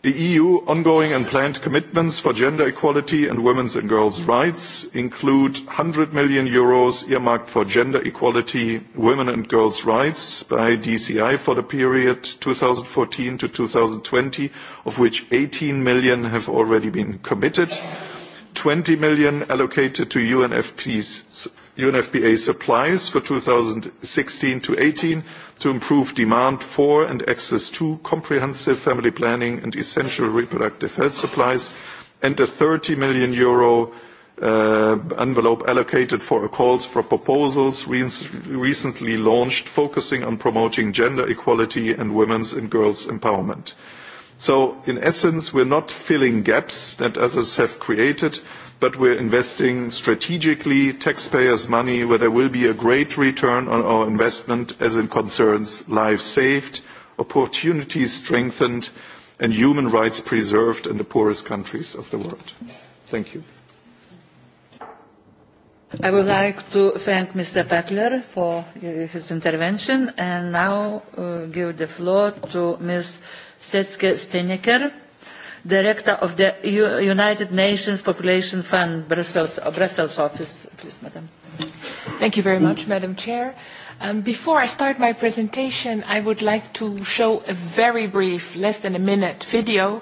the eu ongoing and planned commitments for gender equality and women's and girls' rights include eur one hundred million Euros earmarked for gender equality women and girls' rights by dci for the period two thousand and fourteen to two thousand and twenty of which eur eighteen million have already been committed eur twenty million allocated to unfpcs UNFPA supplies for 2016 to 18 to improve demand for and access to comprehensive family planning and essential reproductive health supplies, and a 30 million euro Uh, envelope allocated for calls for proposals re recently launched focusing on promoting gender equality and women's and girls' empowerment. So in essence, we're not filling gaps that others have created, but we're investing strategically taxpayers' money where there will be a great return on our investment as it concerns lives saved, opportunities strengthened, and human rights preserved in the poorest countries of the world. Thank you. I would like to thank Mr. Butler for his intervention and now uh, give the floor to Ms. Setske Steneker Director of the United Nations Population Fund Brussels, uh, Brussels office. Please, Madam. Thank you very much, Madam Chair. Um, before I start my presentation, I would like to show a very brief, less than a minute video,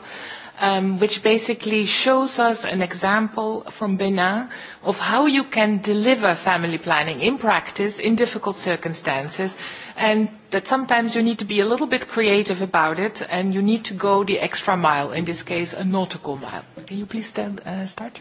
um, which basically shows us an example from Benin of how you can deliver family planning in practice in difficult circumstances and that sometimes you need to be a little bit creative about it and you need to go the extra mile, in this case a nautical mile. Can you please stand, uh, start?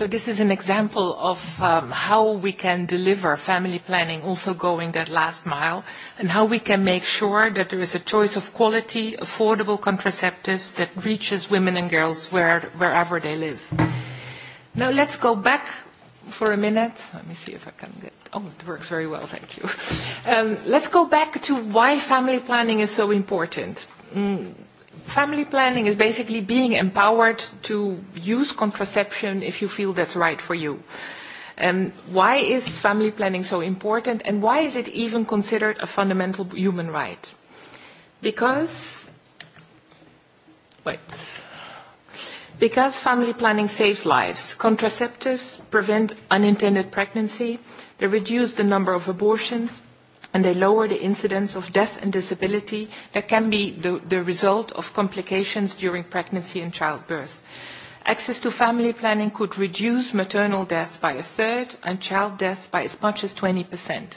So this is an example of um, how we can deliver family planning, also going that last mile, and how we can make sure that there is a choice of quality, affordable contraceptives that reaches women and girls wherever they live. Now let's go back for a minute. Let me see if I can get. Oh, it works very well, thank you. Um, let's go back to why family planning is so important. Mm, family planning is basically being empowered to use contraception if you feel that's right for you. Um, why is family planning so important and why is it even considered a fundamental human right? Because, wait, because family planning saves lives. Contraceptives prevent unintended pregnancy, they reduce the number of abortions, and they lower the incidence of death and disability that can be the, the result of complications during pregnancy and childbirth. Access to family planning could reduce maternal death by a third and child death by as much as 20%.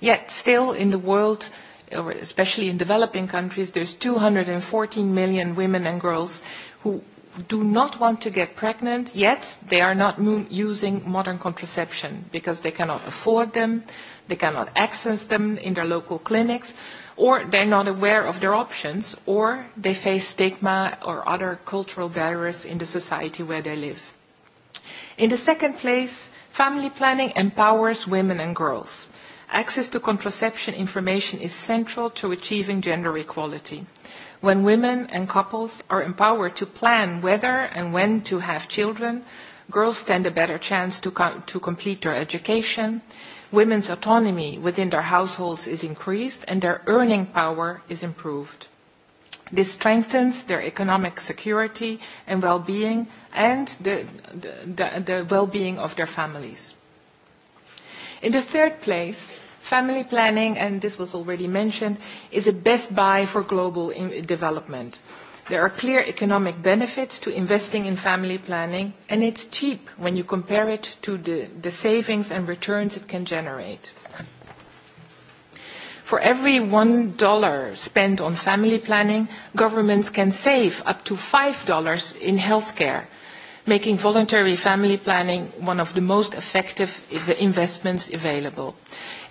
Yet still in the world, or especially in developing countries, there's 214 million women and girls who do not want to get pregnant, yet they are not using modern contraception because they cannot afford them, They cannot access them in their local clinics, or they're not aware of their options, or they face stigma or other cultural barriers in the society where they live. In the second place, family planning empowers women and girls. Access to contraception information is central to achieving gender equality. When women and couples are empowered to plan whether and when to have children, Girls stand a better chance to, com to complete their education. Women's autonomy within their households is increased and their earning power is improved. This strengthens their economic security and well-being and the, the, the well-being of their families. In the third place, family planning, and this was already mentioned, is a best buy for global development. There are clear economic benefits to investing in family planning, and it's cheap when you compare it to the, savings and returns it can generate. For every $1 spent on family planning, governments can save up to $5 in healthcare making voluntary family planning one of the most effective investments available.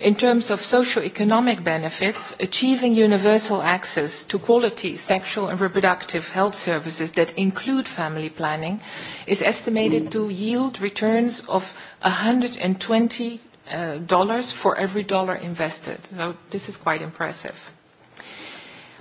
In terms of socio-economic benefits, achieving universal access to quality sexual and reproductive health services that include family planning is estimated to yield returns of $120 uh, for every dollar invested. So this is quite impressive.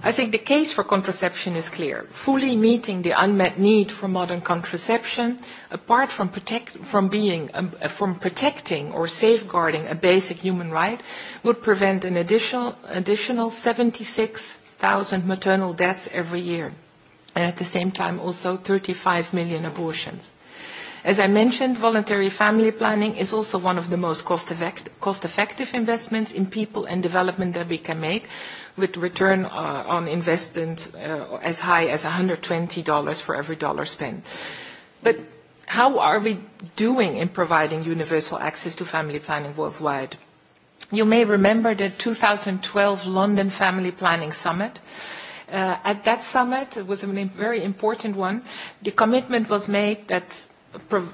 I think the case for contraception is clear, fully meeting the unmet need for modern contraception, apart from, protect, from, being, um, uh, from protecting or safeguarding a basic human right, would prevent an additional, additional 76,000 maternal deaths every year, and at the same time also 35 million abortions. As I mentioned, voluntary family planning is also one of the most cost-effective investments in people and development that we can make, with return uh, on investment uh, as high as $120 for every dollar spent. But how are we doing in providing universal access to family planning worldwide? You may remember the 2012 London Family Planning Summit. Uh, at that summit, it was a very important one, the commitment was made that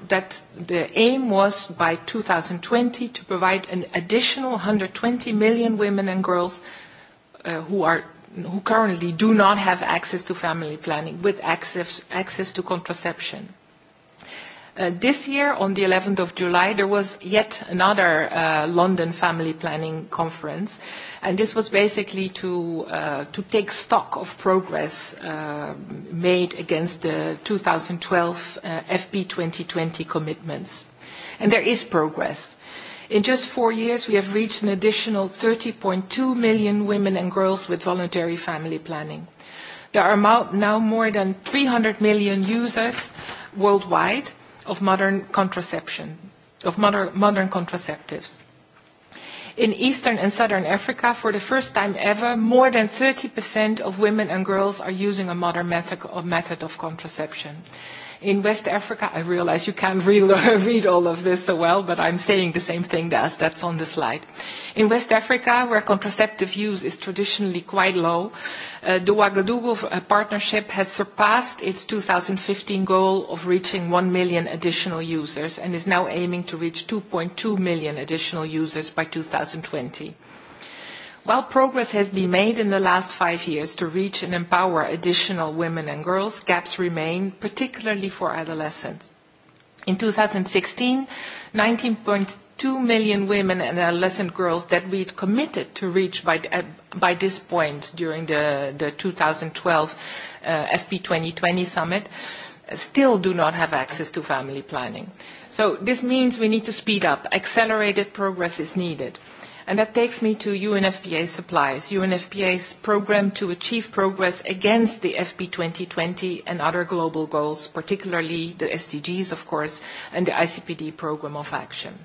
that the aim was by 2020 to provide an additional 120 million women and girls uh, who are who currently do not have access to family planning with access, access to contraception. Uh, this year, on the 11th of July, there was yet another uh, London family planning conference. Uh, And this was basically to, uh, to take stock of progress uh, made against the 2012 uh, FP 2020 commitments. And there is progress. In just four years, we have reached an additional 30.2 million women and girls with voluntary family planning. There are now more than 300 million users worldwide of modern contraception, of modern, modern contraceptives. In Eastern and Southern Africa, for the first time ever, more than 30% of women and girls are using a modern method of contraception in West Africa, I realize you can't re read all of this so well, but I'm saying the same thing as that's on the slide. In West Africa, where contraceptive use is traditionally quite low, uh, the Ouagadougou uh, partnership has surpassed its 2015 goal of reaching 1 million additional users and is now aiming to reach 2.2 million additional users by 2020. While progress has been made in the last five years to reach and empower additional women and girls, gaps remain, particularly for adolescents. In 2016, 19.2 million women and adolescent girls that we committed to reach by, by this point during the, the 2012 uh, FP 2020 summit still do not have access to family planning. So this means we need to speed up. Accelerated progress is needed. And that takes me to UNFPA supplies, UNFPA's program to achieve progress against the FP 2020 and other global goals, particularly the SDGs, of course, and the ICPD program of action.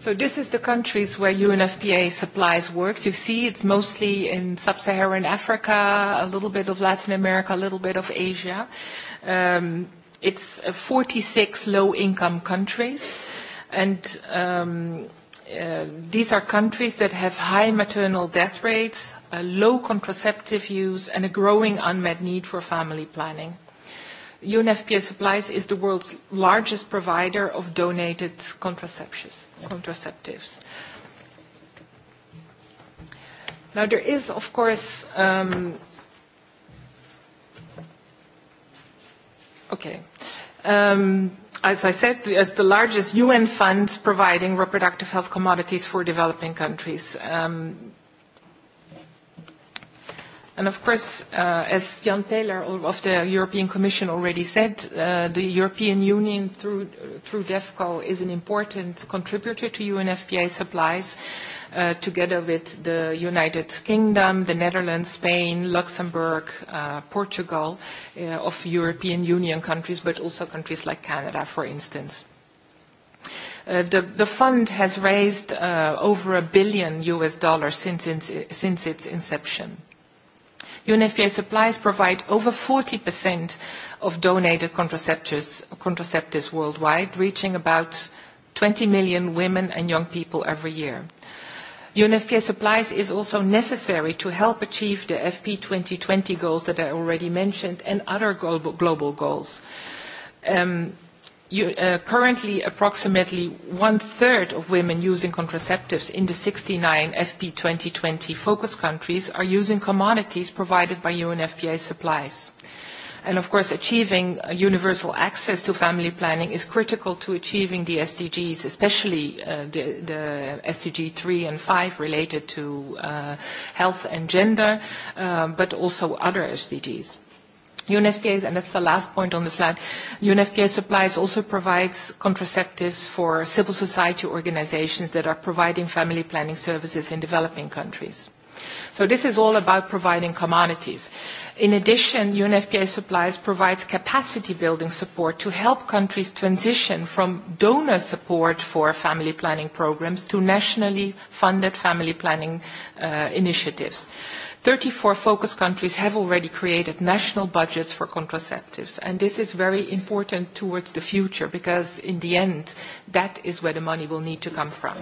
So this is the countries where UNFPA supplies works. You see it's mostly in sub-Saharan Africa, a little bit of Latin America, a little bit of Asia. Um, it's 46 uh, low-income countries. And um, uh, these are countries that have high maternal death rates, a low contraceptive use, and a growing unmet need for family planning. UNFPA Supplies is the world's largest provider of donated contraceptives. contraceptives. Now, there is, of course, um, okay. Um, as I said, as the largest UN fund providing reproductive health commodities for developing countries. Um, And of course, uh, as Jan Taylor of the European Commission already said, uh, the European Union through, uh, through DEFCO is an important contributor to UNFPA supplies, uh, together with the United Kingdom, the Netherlands, Spain, Luxembourg, uh, Portugal, uh, of European Union countries, but also countries like Canada, for instance. Uh, the, the fund has raised uh, over a $1 billion US dollars since, since its inception. UNFPA supplies provide over 40% of donated contraceptives, contraceptives worldwide, reaching about 20 million women and young people every year. UNFPA supplies is also necessary to help achieve the FP 2020 goals that I already mentioned and other global, global goals. Um, Uh, currently approximately one-third of women using contraceptives in the 69 FP 2020 focus countries are using commodities provided by UNFPA supplies. And of course, achieving uh, universal access to family planning is critical to achieving the SDGs, especially uh, the, the SDG 3 and 5 related to uh, health and gender, uh, but also other SDGs. UNFPA, and that's the last point on the slide, UNFPA supplies also provides contraceptives for civil society organizations that are providing family planning services in developing countries. So this is all about providing commodities. In addition, UNFPA Supplies provides capacity building support to help countries transition from donor support for family planning programs to nationally funded family planning uh, initiatives. 34 focus countries have already created national budgets for contraceptives, and this is very important towards the future because in the end, that is where the money will need to come from.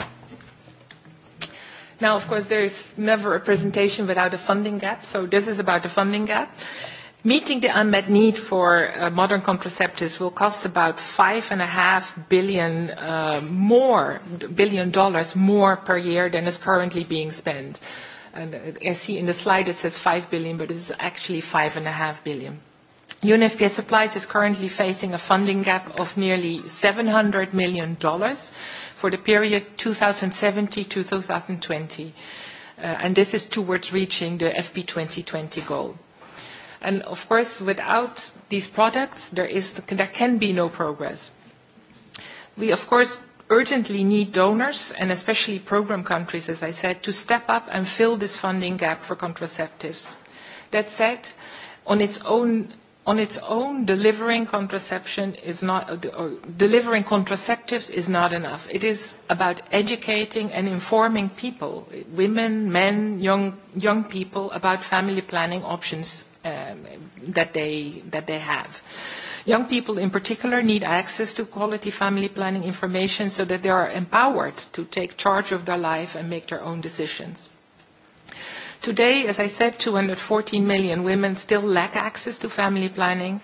Now, of course, there is never a presentation without a funding gap, so this is about the funding gap. Meeting the unmet need for uh, modern contraceptives will cost about five and a half billion uh, more billion dollars more per year than is currently being spent. Uh, I see in the slide it says 5 billion, but it is actually 5.5 billion. UNFPA Supplies is currently facing a funding gap of nearly $700 million for the period 2017 to 2020, uh, this is towards reaching the FP 2020 goal. of course, without these products, there can be no progress. We, of course, urgently need donors, and especially program countries, as I said, to step up and fill this funding gap for contraceptives. That said, on its own, on its own, delivering contraception is not, or uh, uh, delivering contraceptives is not enough. It is about educating and informing people, women, men, young, young people, about family planning options um, that, they, that they have. Young people in particular need access to quality family planning information so that they are empowered to take charge of their life and make their own decisions. Today, as I said, 214 million women still lack access to family planning,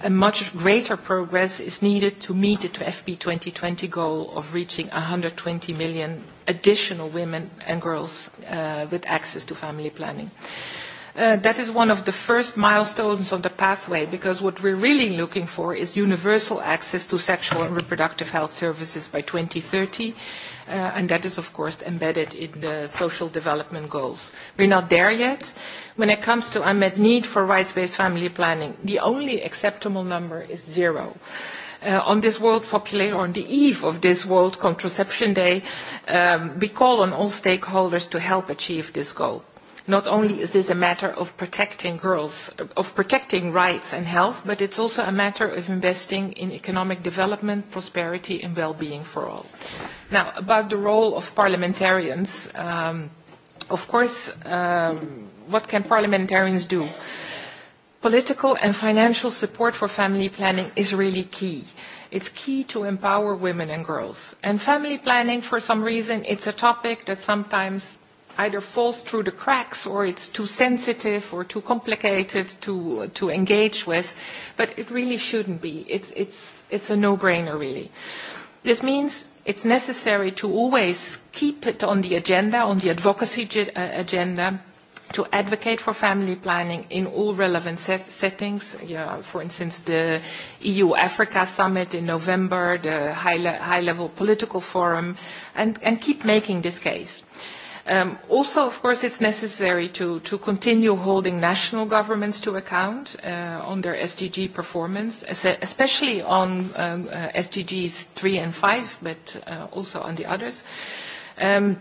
and much greater progress is needed to meet the FP 2020 goal of reaching 120 million additional women and girls uh, with access to family planning. Uh, that is one of the first milestones on the pathway because what we're really looking for is universal access to sexual and reproductive health services by 2030. Uh, and that is, of course, embedded in the social development goals. We're not there yet. When it comes to unmet need for rights-based family planning, the only acceptable number is zero. Uh, on this world population, on the eve of this World Contraception Day, um, we call on all stakeholders to help achieve this goal. Not only is this a matter of protecting girls, of protecting rights and health, but it's also a matter of investing in economic development, prosperity and well-being for all. Now, about the role of parliamentarians, um, of course, um, what can parliamentarians do? Political and financial support for family planning is really key. It's key to empower women and girls. And family planning, for some reason, it's a topic that sometimes either falls through the cracks or it's too sensitive or too complicated to, to engage with, but it really shouldn't be. It's, it's, it's a no-brainer, really. This means it's necessary to always keep it on the agenda, on the advocacy uh, agenda, to advocate for family planning in all relevant set settings. Yeah, for instance, the EU-Africa summit in November, the high-level high political forum, and, and keep making this case. Uh, Um, also, of course, it's necessary to, to continue holding national governments to account uh, on their SDG performance, especially on um, uh, SDGs 3 and 5, but uh, also on the others. Um,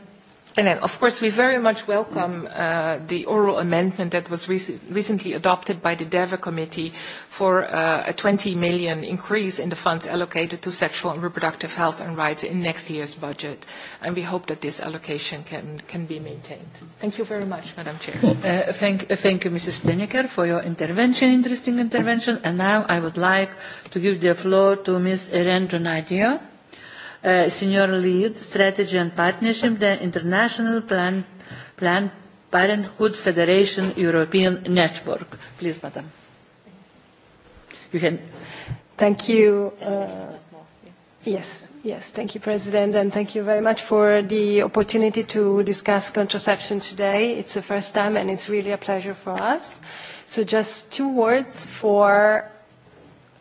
And then, of course, we very much welcome uh, the oral amendment that was rec recently adopted by the DEVA committee for uh, a 20 million increase in the funds allocated to sexual and reproductive health and rights in next year's budget. And we hope that this allocation can, can be maintained. Thank you very much, Madam Chair. Uh, thank, uh, thank you, Mrs. Denneker, for your intervention, interesting intervention. And now I would like to give the floor to Ms. Irene Donadeo uh, senior lead strategy and partnership, the International Planned, Planned Parenthood Federation European Network. Please, Madam. You can. Thank you. Uh, yes. Yes, thank you, President, and thank you very much for the opportunity to discuss contraception today. It's the first time, and it's really a pleasure for us. So just two words for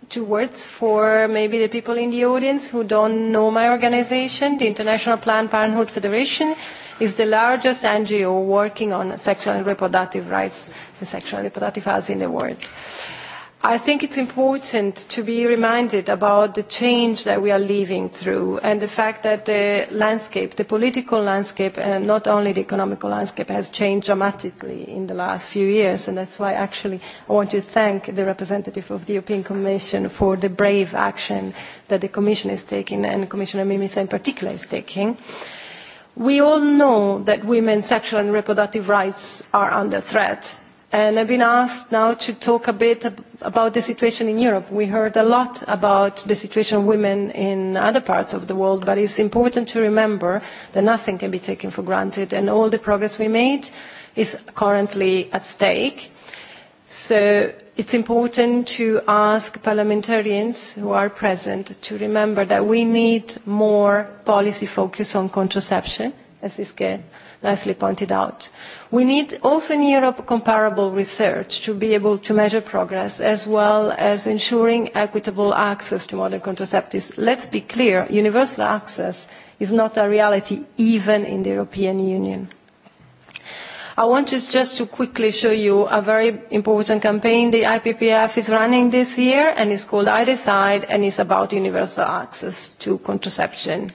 two words for maybe the people in the audience who don't know my organization. The International Planned Parenthood Federation is the largest NGO working on sexual and reproductive rights and sexual and reproductive health in the world. Uh, I think it's important to be reminded about the change that we are living through and the fact that the landscape, the political landscape and not only the economical landscape has changed dramatically in the last few years and that's why actually I want to thank the representative of the European Commission for the brave action that the Commission is taking and Commissioner Mimica in particular is taking. We all know that women's sexual and reproductive rights are under threat And I've been asked now to talk a bit about the situation in Europe. We heard a lot about the situation of women in other parts of the world, but it's important to remember that nothing can be taken for granted, and all the progress we made is currently at stake. So it's important to ask parliamentarians who are present to remember that we need more policy focus on contraception, as Iske nicely pointed out. We need also in Europe comparable research to be able to measure progress as well as ensuring equitable access to modern contraceptives. Let's be clear, universal access is not a reality even in the European Union. I want just, just to quickly show you a very important campaign the IPPF is running this year and it's called I Decide and it's about universal access to contraception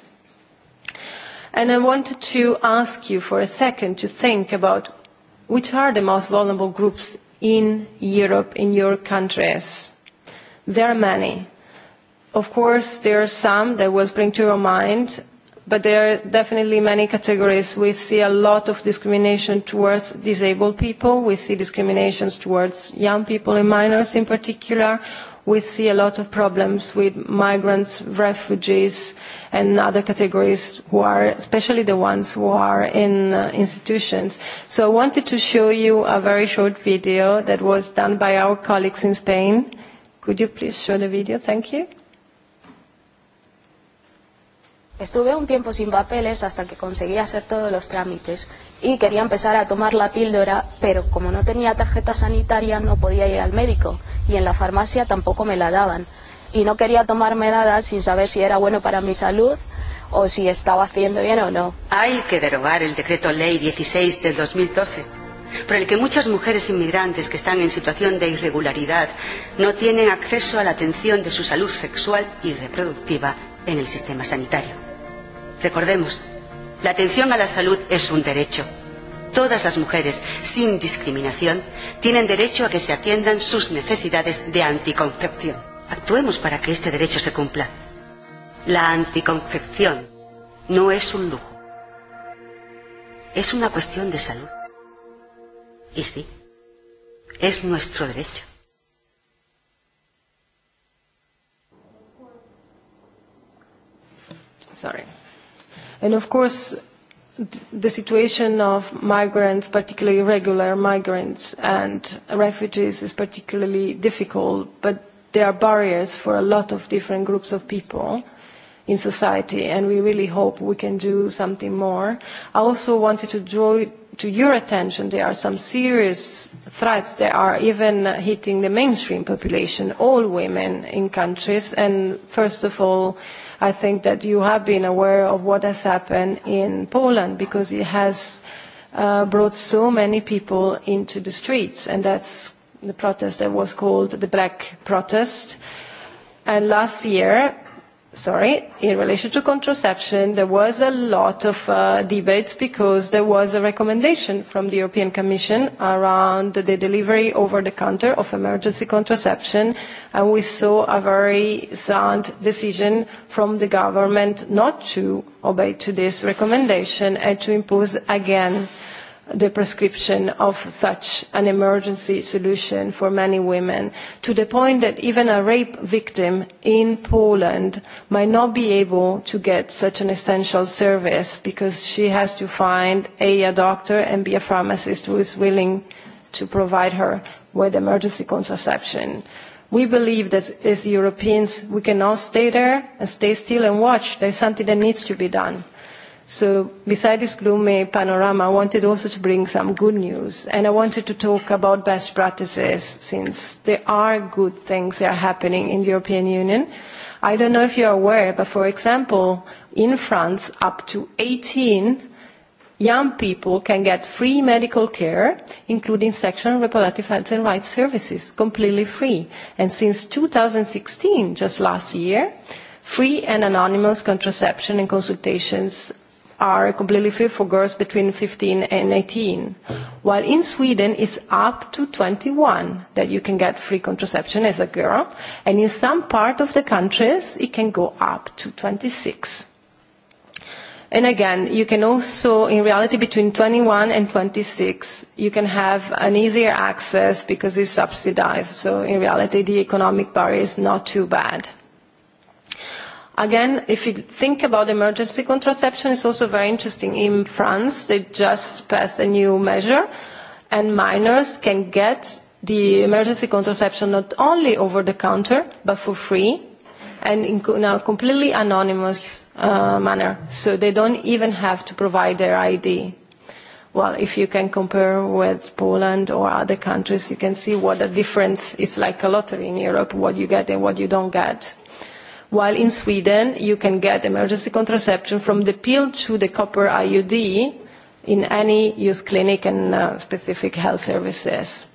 And I wanted to ask you for a second to think about which are the most vulnerable groups in Europe, in your countries. There are many. Of course, there are some that will spring to your mind, but there are definitely many categories. We see a lot of discrimination towards disabled people. We see discriminations towards young people and minors in particular we see a lot of problems with migrants, refugees and other categories who are, especially the ones who are in uh, institutions. So I wanted to show you a very short video that was done by our colleagues in Spain. Could you please show the video? Thank you. Estuve un tiempo sin papeles hasta que conseguí hacer todos los trámites y quería empezar a tomar la píldora, pero como no tenía tarjeta sanitaria no podía ir al médico y en la farmacia tampoco me la daban. Y no quería tomarme nada sin saber si era bueno para mi salud o si estaba haciendo bien o no. Hay que derogar el decreto ley 16 del 2012, por el que muchas mujeres inmigrantes que están en situación de irregularidad no tienen acceso a la atención de su salud sexual y reproductiva en el sistema sanitario. Recordemos, la atención a la salud es un derecho todas las mujeres, sin discriminación, tienen derecho a que se atiendan sus necesidades de anticoncepción. Actuemos para que este derecho se cumpla. La anticoncepción no es un lujo. Es una cuestión de salud. Y sí, es nuestro derecho. Sorry. And of course, the situation of migrants, particularly irregular migrants and refugees, is particularly difficult, but there are barriers for a lot of different groups of people in society, and we really hope we can do something more. I also wanted to draw to your attention there are some serious threats that are even hitting the mainstream population, all women in countries, and first of all, uh, I think that you have been aware of what has happened in Poland because it has uh, brought so many people into the streets, and that's the protest that was called the Black Protest. And last year, sorry, in relation to contraception, there was a lot of uh, debates because there was a recommendation from the European Commission around the delivery over the counter of emergency contraception, and we saw a very sound decision from the government not to obey to this recommendation and to impose again the prescription of such an emergency solution for many women, to the point that even a rape victim in Poland might not be able to get such an essential service because she has to find A, a doctor and B, a pharmacist who is willing to provide her with emergency contraception. We believe that as Europeans we cannot stay there and stay still and watch. There's something that needs to be done So beside this gloomy panorama, I wanted also to bring some good news. And I wanted to talk about best practices since there are good things that are happening in the European Union. I don't know if you're aware, but for example, in France, up to 18 young people can get free medical care, including sexual and reproductive health and rights services, completely free. And since 2016, just last year, free and anonymous contraception and consultations are completely free for girls between 15 and 18, while in Sweden it's up to 21 that you can get free contraception as a girl, and in some part of the countries it can go up to 26. And again, you can also, in reality, between 21 and 26, you can have an easier access because it's subsidized. So in reality, the economic barrier is not too bad. Again, if you think about emergency contraception, it's also very interesting. In France, they just passed a new measure, and minors can get the emergency contraception not only over the counter, but for free, and in a completely anonymous uh, manner. So they don't even have to provide their ID. Well, if you can compare with Poland or other countries, you can see what a difference. It's like a lottery in Europe, what you get and what you don't get while in Sweden you can get emergency contraception from the pill to the copper IUD in any use clinic and uh, specific health services.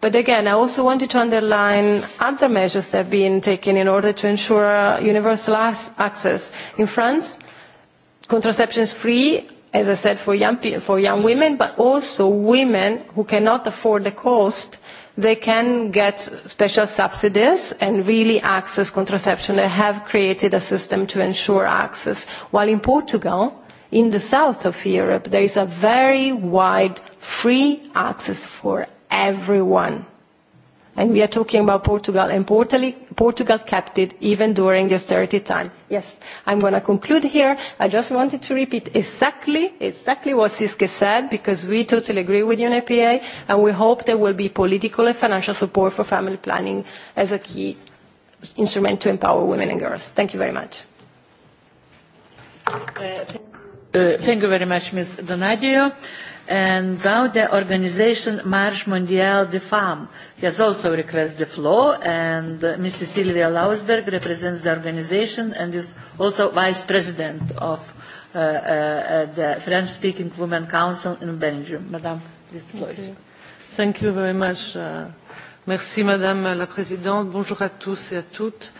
But again, I also wanted to underline other measures that have been taken in order to ensure uh, universal access. In France, contraception is free, as I said, for young, for young women, but also women who cannot afford the cost they can get special subsidies and really access contraception. They have created a system to ensure access. While in Portugal, in the south of Europe, there is a very wide free access for everyone And we are talking about Portugal, and Portally, Portugal kept it even during the austerity time. Yes, I'm going to conclude here. I just wanted to repeat exactly, exactly what Siske said, because we totally agree with UNEPA, and we hope there will be political and financial support for family planning as a key instrument to empower women and girls. Thank you very much. Uh, thank you uh, very much, Ms. Donadio. And now the organization Marche Mondiale des Femmes has also requested the floor, and uh, Mrs. Silvia Lausberg represents the organization and is also vice president of uh, uh, uh the French-speaking Women Council in Belgium. Madame, this floor is Thank you very much. Uh, merci, Madame la Présidente. Bonjour à tous et à toutes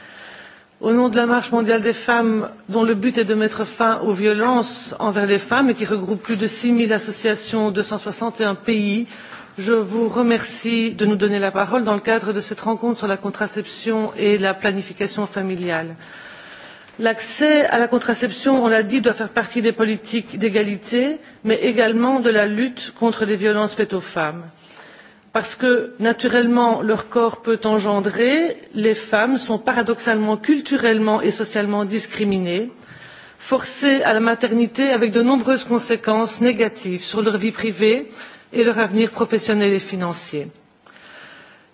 au nom de la marche mondiale des femmes dont le but est de mettre fin aux violences envers les femmes et qui regroupe plus de six zéro associations deux cent soixante et un pays je vous remercie de nous donner la parole dans le cadre de cette rencontre sur la contraception et la planification familiale. l'accès à la contraception on l'a dit doit faire partie des politiques d'égalité mais également de la lutte contre les violences faites aux femmes parce que naturellement leur corps peut engendrer les femmes sont paradoxalement culturellement et socialement discriminées forcées à la maternité avec de nombreuses conséquences négatives sur leur vie privée et leur avenir professionnel et financier.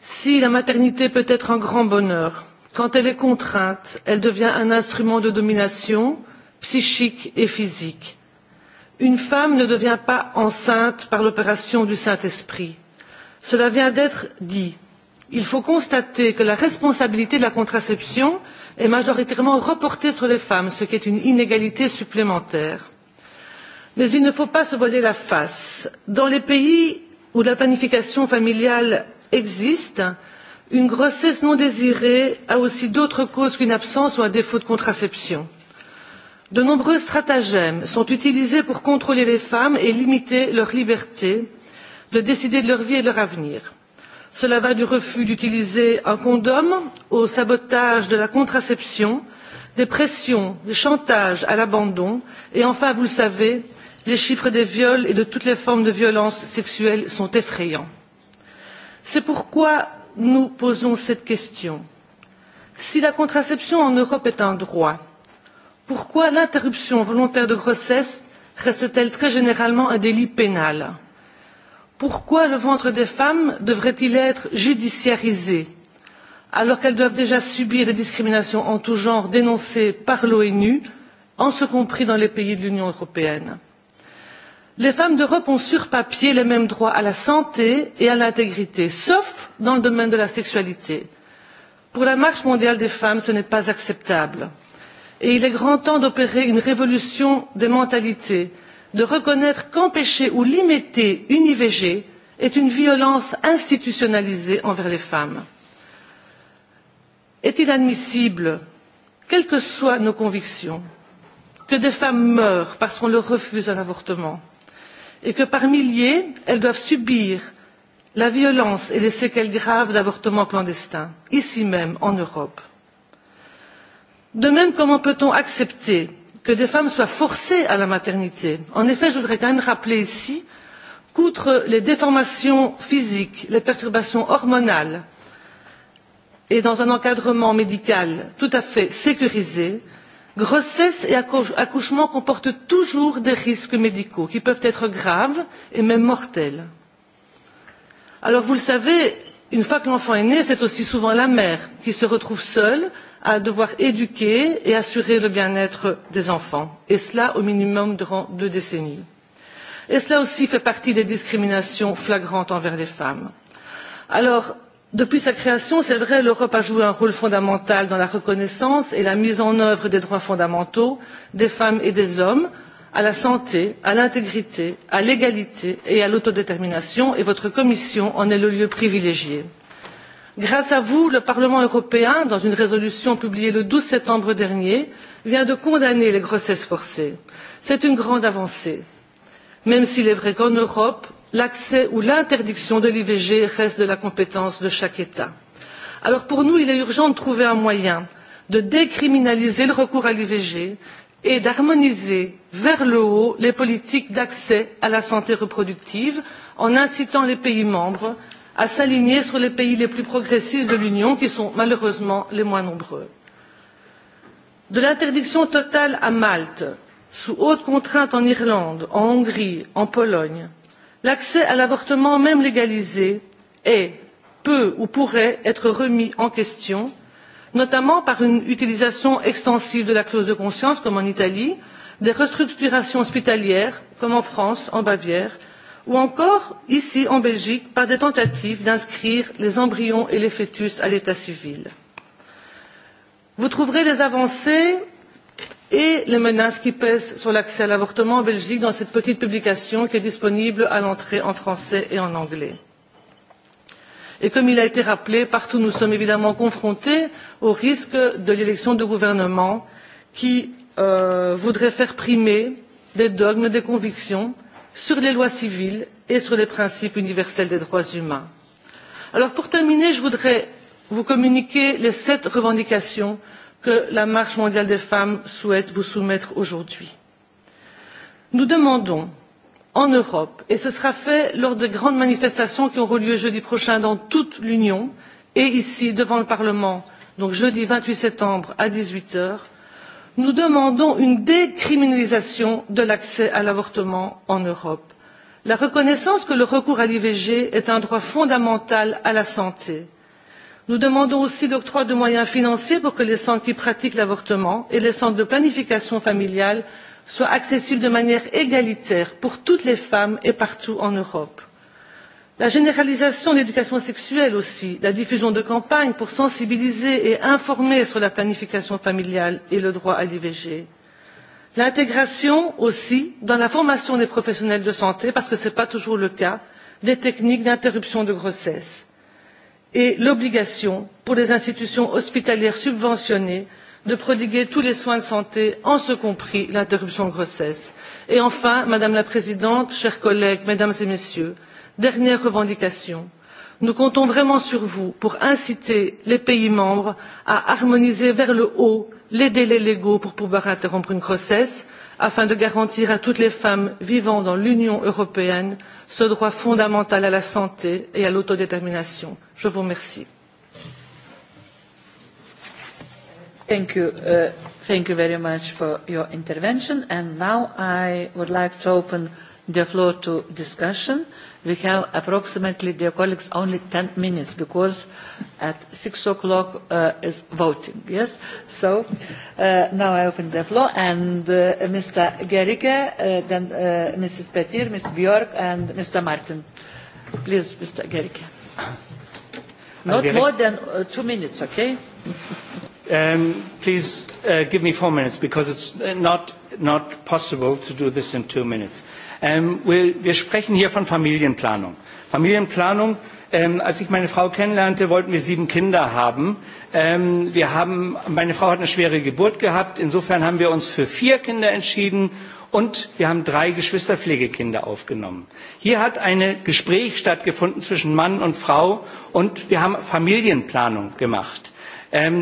si la maternité peut être un grand bonheur quand elle est contrainte elle devient un instrument de domination psychique et physique. une femme ne devient pas enceinte par l'opération du saint esprit cela vient d'être dit il faut constater que la responsabilité de la contraception est majoritairement reportée sur les femmes ce qui est une inégalité supplémentaire. mais il ne faut pas se voiler la face dans les pays où la planification familiale existe une grossesse non désirée a aussi d'autres causes qu'une absence ou un défaut de contraception. de nombreux stratagèmes sont utilisés pour contrôler les femmes et limiter leur liberté de décider de leur vie et de leur avenir. Cela va du refus d'utiliser un condom au sabotage de la contraception, des pressions, des chantages à l'abandon et enfin, vous le savez, les chiffres des viols et de toutes les formes de violences sexuelles sont effrayants. C'est pourquoi nous posons cette question. Si la contraception en Europe est un droit, pourquoi l'interruption volontaire de grossesse reste t elle très généralement un délit pénal? pourquoi le ventre des femmes devrait il être judiciarisé alors qu'elles doivent déjà subir des discriminations en tout genre dénoncées par l'onu en ce compris dans les pays de l'union européenne? les femmes d'europe ont sur papier les mêmes droits à la santé et à l'intégrité sauf dans le domaine de la sexualité. pour la marche mondiale des femmes ce n'est pas acceptable et il est grand temps d'opérer une révolution des mentalités de reconnaître qu'empêcher ou limiter une ivg est une violence institutionnalisée envers les femmes. est il admissible quelles que soient nos convictions que des femmes meurent parce qu'on leur refuse un avortement et que par milliers elles doivent subir la violence et les séquelles graves d'avortements clandestins ici même en europe? de même comment peut on accepter que des femmes soient forcées à la maternité. En effet, je voudrais quand même rappeler ici qu'outre les déformations physiques, les perturbations hormonales et dans un encadrement médical tout à fait sécurisé, grossesse et accouchement comportent toujours des risques médicaux qui peuvent être graves et même mortels. Alors vous le savez, une fois que l'enfant est né, c'est aussi souvent la mère qui se retrouve seule à devoir éduquer et assurer le bien être des enfants et cela au minimum durant deux décennies. Et cela aussi fait partie des discriminations flagrantes envers les femmes. Alors, depuis sa création c'est vrai l'europe a joué un rôle fondamental dans la reconnaissance et la mise en œuvre des droits fondamentaux des femmes et des hommes à la santé à l'intégrité à l'égalité et à l'autodétermination et votre commission en est le lieu privilégié grâce à vous le parlement européen dans une résolution publiée le douze septembre dernier vient de condamner les grossesses forcées. c'est une grande avancée même s'il est vrai qu'en europe l'accès ou l'interdiction de l'ivg reste de la compétence de chaque état. alors pour nous il est urgent de trouver un moyen de décriminaliser le recours à l'ivg et d'harmoniser vers le haut les politiques d'accès à la santé reproductive en incitant les pays membres à s'aligner sur les pays les plus progressistes de l'union qui sont malheureusement les moins nombreux. de l'interdiction totale à malte sous haute contrainte en irlande en hongrie en pologne l'accès à l'avortement même légalisé est peut ou pourrait être remis en question notamment par une utilisation extensive de la clause de conscience comme en italie des restructurations hospitalières comme en france en bavière ou encore ici en belgique par des tentatives d'inscrire les embryons et les fœtus à l'état civil. vous trouverez les avancées et les menaces qui pèsent sur l'accès à l'avortement en belgique dans cette petite publication qui est disponible à l'entrée en français et en anglais. et comme il a été rappelé partout nous sommes évidemment confrontés au risque de l'élection de gouvernements qui euh, voudraient faire primer des dogmes des convictions sur les lois civiles et sur les principes universels des droits humains. Alors, pour terminer je voudrais vous communiquer les sept revendications que la marche mondiale des femmes souhaite vous soumettre aujourd'hui. nous demandons en europe et ce sera fait lors de grandes manifestations qui auront lieu jeudi prochain dans toute l'union et ici devant le parlement donc jeudi 28 septembre à 18 heures nous demandons une décriminalisation de l'accès à l'avortement en europe la reconnaissance que le recours à l'ivg est un droit fondamental à la santé. nous demandons aussi l'octroi de moyens financiers pour que les centres qui pratiquent l'avortement et les centres de planification familiale soient accessibles de manière égalitaire pour toutes les femmes et partout en europe la généralisation de l'éducation sexuelle aussi la diffusion de campagnes pour sensibiliser et informer sur la planification familiale et le droit à l'ivg l'intégration aussi dans la formation des professionnels de santé parce que ce n'est pas toujours le cas des techniques d'interruption de grossesse et l'obligation pour les institutions hospitalières subventionnées de prodiguer tous les soins de santé en ce compris l'interruption de grossesse. et enfin madame la présidente chers collègues mesdames et messieurs dernière revendication nous comptons vraiment sur vous pour inciter les pays membres à harmoniser vers le haut les délais légaux pour pouvoir interrompre une grossesse afin de garantir à toutes les femmes vivant dans l'union européenne ce droit fondamental à la santé et à l'autodétermination. je vous remercie. Thank you. Uh, thank you very much for your intervention. And now I would like to open the floor to discussion we have approximately, dear colleagues, only 10 minutes because at 6 o'clock uh, is voting, yes? So uh, now I open the floor and uh, Mr. Gerike, uh, then uh, Mrs. Petir, Ms. Bjork and Mr. Martin. Please, Mr. Gerike. Not more than uh, two minutes, okay? Um, please uh, give me four minutes because it's uh, not, not possible to do this in two minutes. Uh, Ähm, wir, sprechen hier von Familienplanung. Familienplanung ähm, als ich meine Frau kennenlernte, wollten wir sieben Kinder haben. Ähm, wir haben. Meine Frau hat eine schwere Geburt gehabt. Insofern haben wir uns für vier Kinder entschieden und wir haben drei Geschwisterpflegekinder aufgenommen. Hier hat ein Gespräch stattgefunden zwischen Mann und Frau und wir haben Familienplanung gemacht.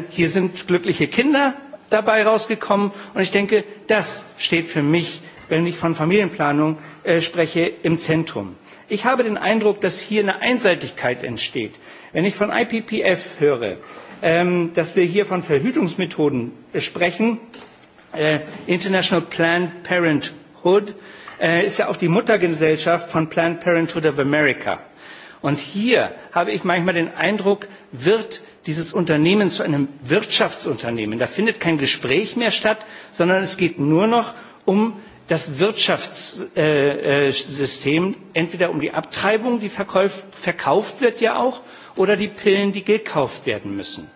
hier sind glückliche Kinder dabei rausgekommen und ich denke, das steht für mich wenn ich von Familienplanung äh, spreche, im Zentrum. Ich habe den Eindruck, dass hier eine Einseitigkeit entsteht. Wenn ich von IPPF höre, ähm, dass wir hier von Verhütungsmethoden äh, sprechen, äh, International Planned Parenthood äh, ist ja auch die Muttergesellschaft von Planned Parenthood of America. Und hier habe ich manchmal den Eindruck, wird dieses Unternehmen zu einem Wirtschaftsunternehmen. Da findet kein Gespräch mehr statt, sondern es geht nur noch um das Wirtschaftssystem, entweder um die Abtreibung, die verkauft wird ja auch, oder die Pillen, die gekauft werden müssen.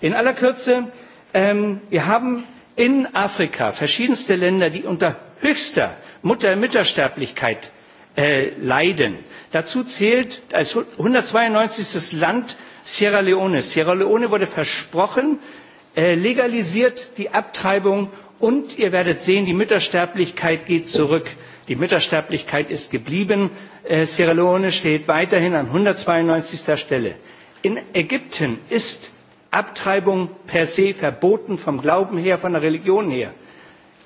In aller Kürze, ähm, wir haben in Afrika verschiedenste Länder, die unter höchster Mutter Müttersterblichkeit äh, leiden. Dazu zählt als 192. Land Sierra Leone. Sierra Leone wurde versprochen, äh, legalisiert die Abtreibung Und ihr werdet sehen, die Müttersterblichkeit geht zurück. Die Müttersterblichkeit ist geblieben. Äh, Sierra Leone steht weiterhin an 192. Stelle. In Ägypten ist Abtreibung per se verboten vom Glauben her, von der Religion her.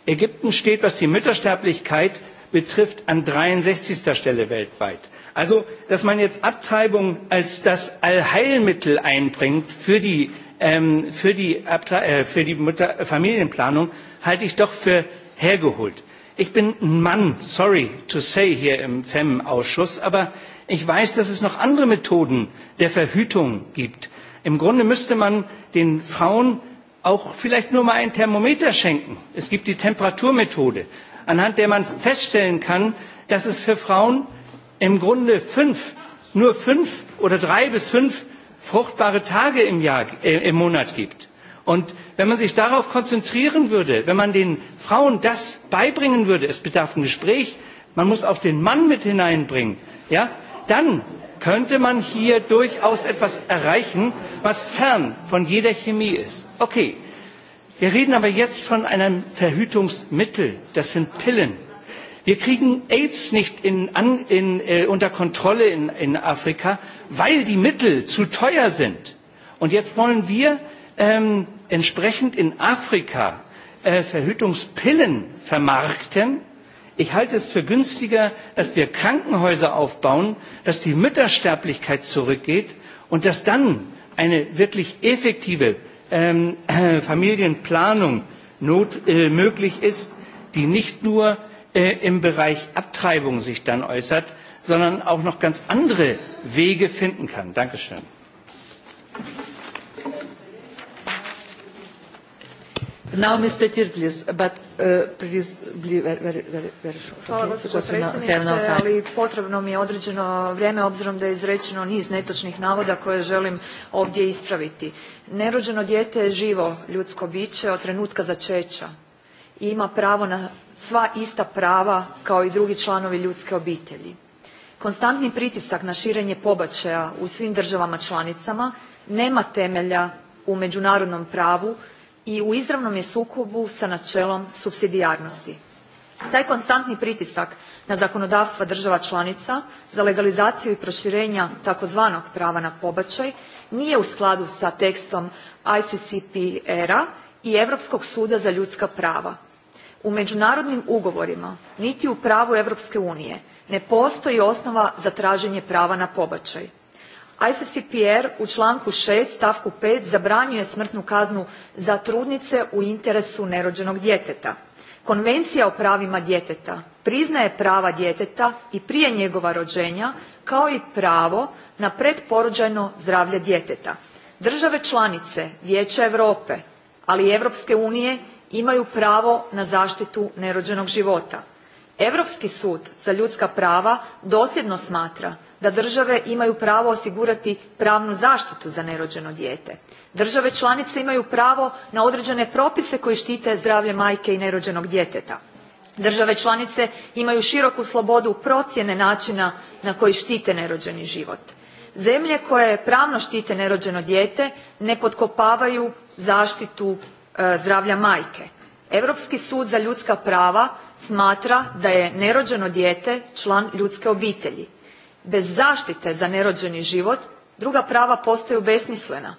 Ägypten steht, was die Müttersterblichkeit betrifft, an 63. Stelle weltweit. Also, dass man jetzt Abtreibung als das Allheilmittel einbringt für die Ähm, für die, äh, äh, Familienplanung halte ich doch für hergeholt. Ich bin ein Mann, sorry to say, hier im femm ausschuss aber ich weiß, dass es noch andere Methoden der Verhütung gibt. Im Grunde müsste man den Frauen auch vielleicht nur mal ein Thermometer schenken. Es gibt die Temperaturmethode, anhand der man feststellen kann, dass es für Frauen im Grunde nur fünf oder drei bis fünf fruchtbare Tage im, Jahr, äh, im Monat gibt. Und wenn man sich darauf konzentrieren würde, wenn man den Frauen das beibringen würde, es bedarf ein Gespräch, man muss auch den Mann mit hineinbringen, ja, dann könnte man hier durchaus etwas erreichen, was fern von jeder Chemie ist. Okay, wir reden aber jetzt von einem Verhütungsmittel, das sind Pillen. Wir kriegen AIDS nicht in, an, in, äh, unter Kontrolle in, in Afrika, weil die Mittel zu teuer sind. Und jetzt wollen wir ähm, entsprechend in Afrika äh, Verhütungspillen vermarkten. Ich halte es für günstiger, dass wir Krankenhäuser aufbauen, dass die Müttersterblichkeit zurückgeht und dass dann eine wirklich effektive ähm, äh, Familienplanung not, äh, möglich ist, die nicht nur äh, im Bereich Abtreibung sich dann äußert, sondern auch noch ganz andere Wege finden kann. Dankeschön. Now, Ms. Petir, but uh, please be very, very, very, very short. Hvala, gospođo predsjednice, ali potrebno mi je određeno vrijeme obzirom da je izrečeno niz netočnih navoda koje želim ovdje ispraviti. Nerođeno dijete je živo ljudsko biće od trenutka začeća ima pravo na sva ista prava kao i drugi članovi ljudske obitelji. Konstantni pritisak na širenje pobačaja u svim državama članicama nema temelja u međunarodnom pravu i u izravnom je sukobu sa načelom supsidijarnosti. Taj konstantni pritisak na zakonodavstva država članica za legalizaciju i proširenja takozvanog prava na pobačaj nije u skladu sa tekstom ICCPR-a i Europskog suda za ljudska prava U međunarodnim ugovorima niti u pravu Europske unije ne postoji osnova za traženje prava na pobačaj. ICCPR u članku 6. stavku 5. zabranjuje smrtnu kaznu za trudnice u interesu nerođenog djeteta. Konvencija o pravima djeteta priznaje prava djeteta i prije njegova rođenja kao i pravo na predporođajno zdravlje djeteta. Države članice Vijeća Europe ali i Europske unije imaju pravo na zaštitu nerođenog života. Europski sud za ljudska prava dosljedno smatra da države imaju pravo osigurati pravnu zaštitu za nerođeno dijete. Države članice imaju pravo na određene propise koji štite zdravlje majke i nerođenog djeteta. Države članice imaju široku slobodu procjene načina na koji štite nerođeni život. Zemlje koje pravno štite nerođeno dijete ne potkopavaju zaštitu E, zdravlja majke. Europski sud za ljudska prava smatra da je nerođeno dijete član ljudske obitelji. Bez zaštite za nerođeni život druga prava postaju besmislena.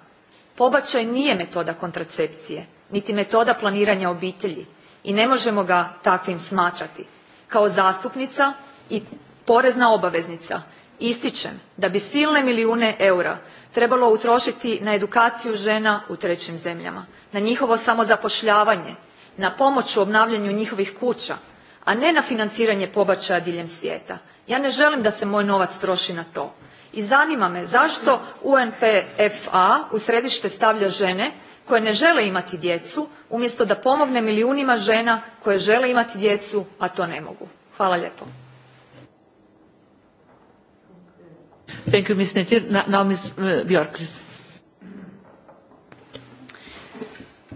Pobačaj nije metoda kontracepcije, niti metoda planiranja obitelji i ne možemo ga takvim smatrati. Kao zastupnica i porezna obaveznica Ističem da bi silne milijune eura trebalo utrošiti na edukaciju žena u trećim zemljama, na njihovo samozapošljavanje, na pomoć u obnavljanju njihovih kuća, a ne na financiranje pobačaja diljem svijeta. Ja ne želim da se moj novac troši na to. I zanima me zašto UNPFA u središte stavlja žene koje ne žele imati djecu, umjesto da pomogne milijunima žena koje žele imati djecu, a to ne mogu. Hvala lijepo. Thank you, Ms. Netir. Now, Ms. Uh, Björk, please.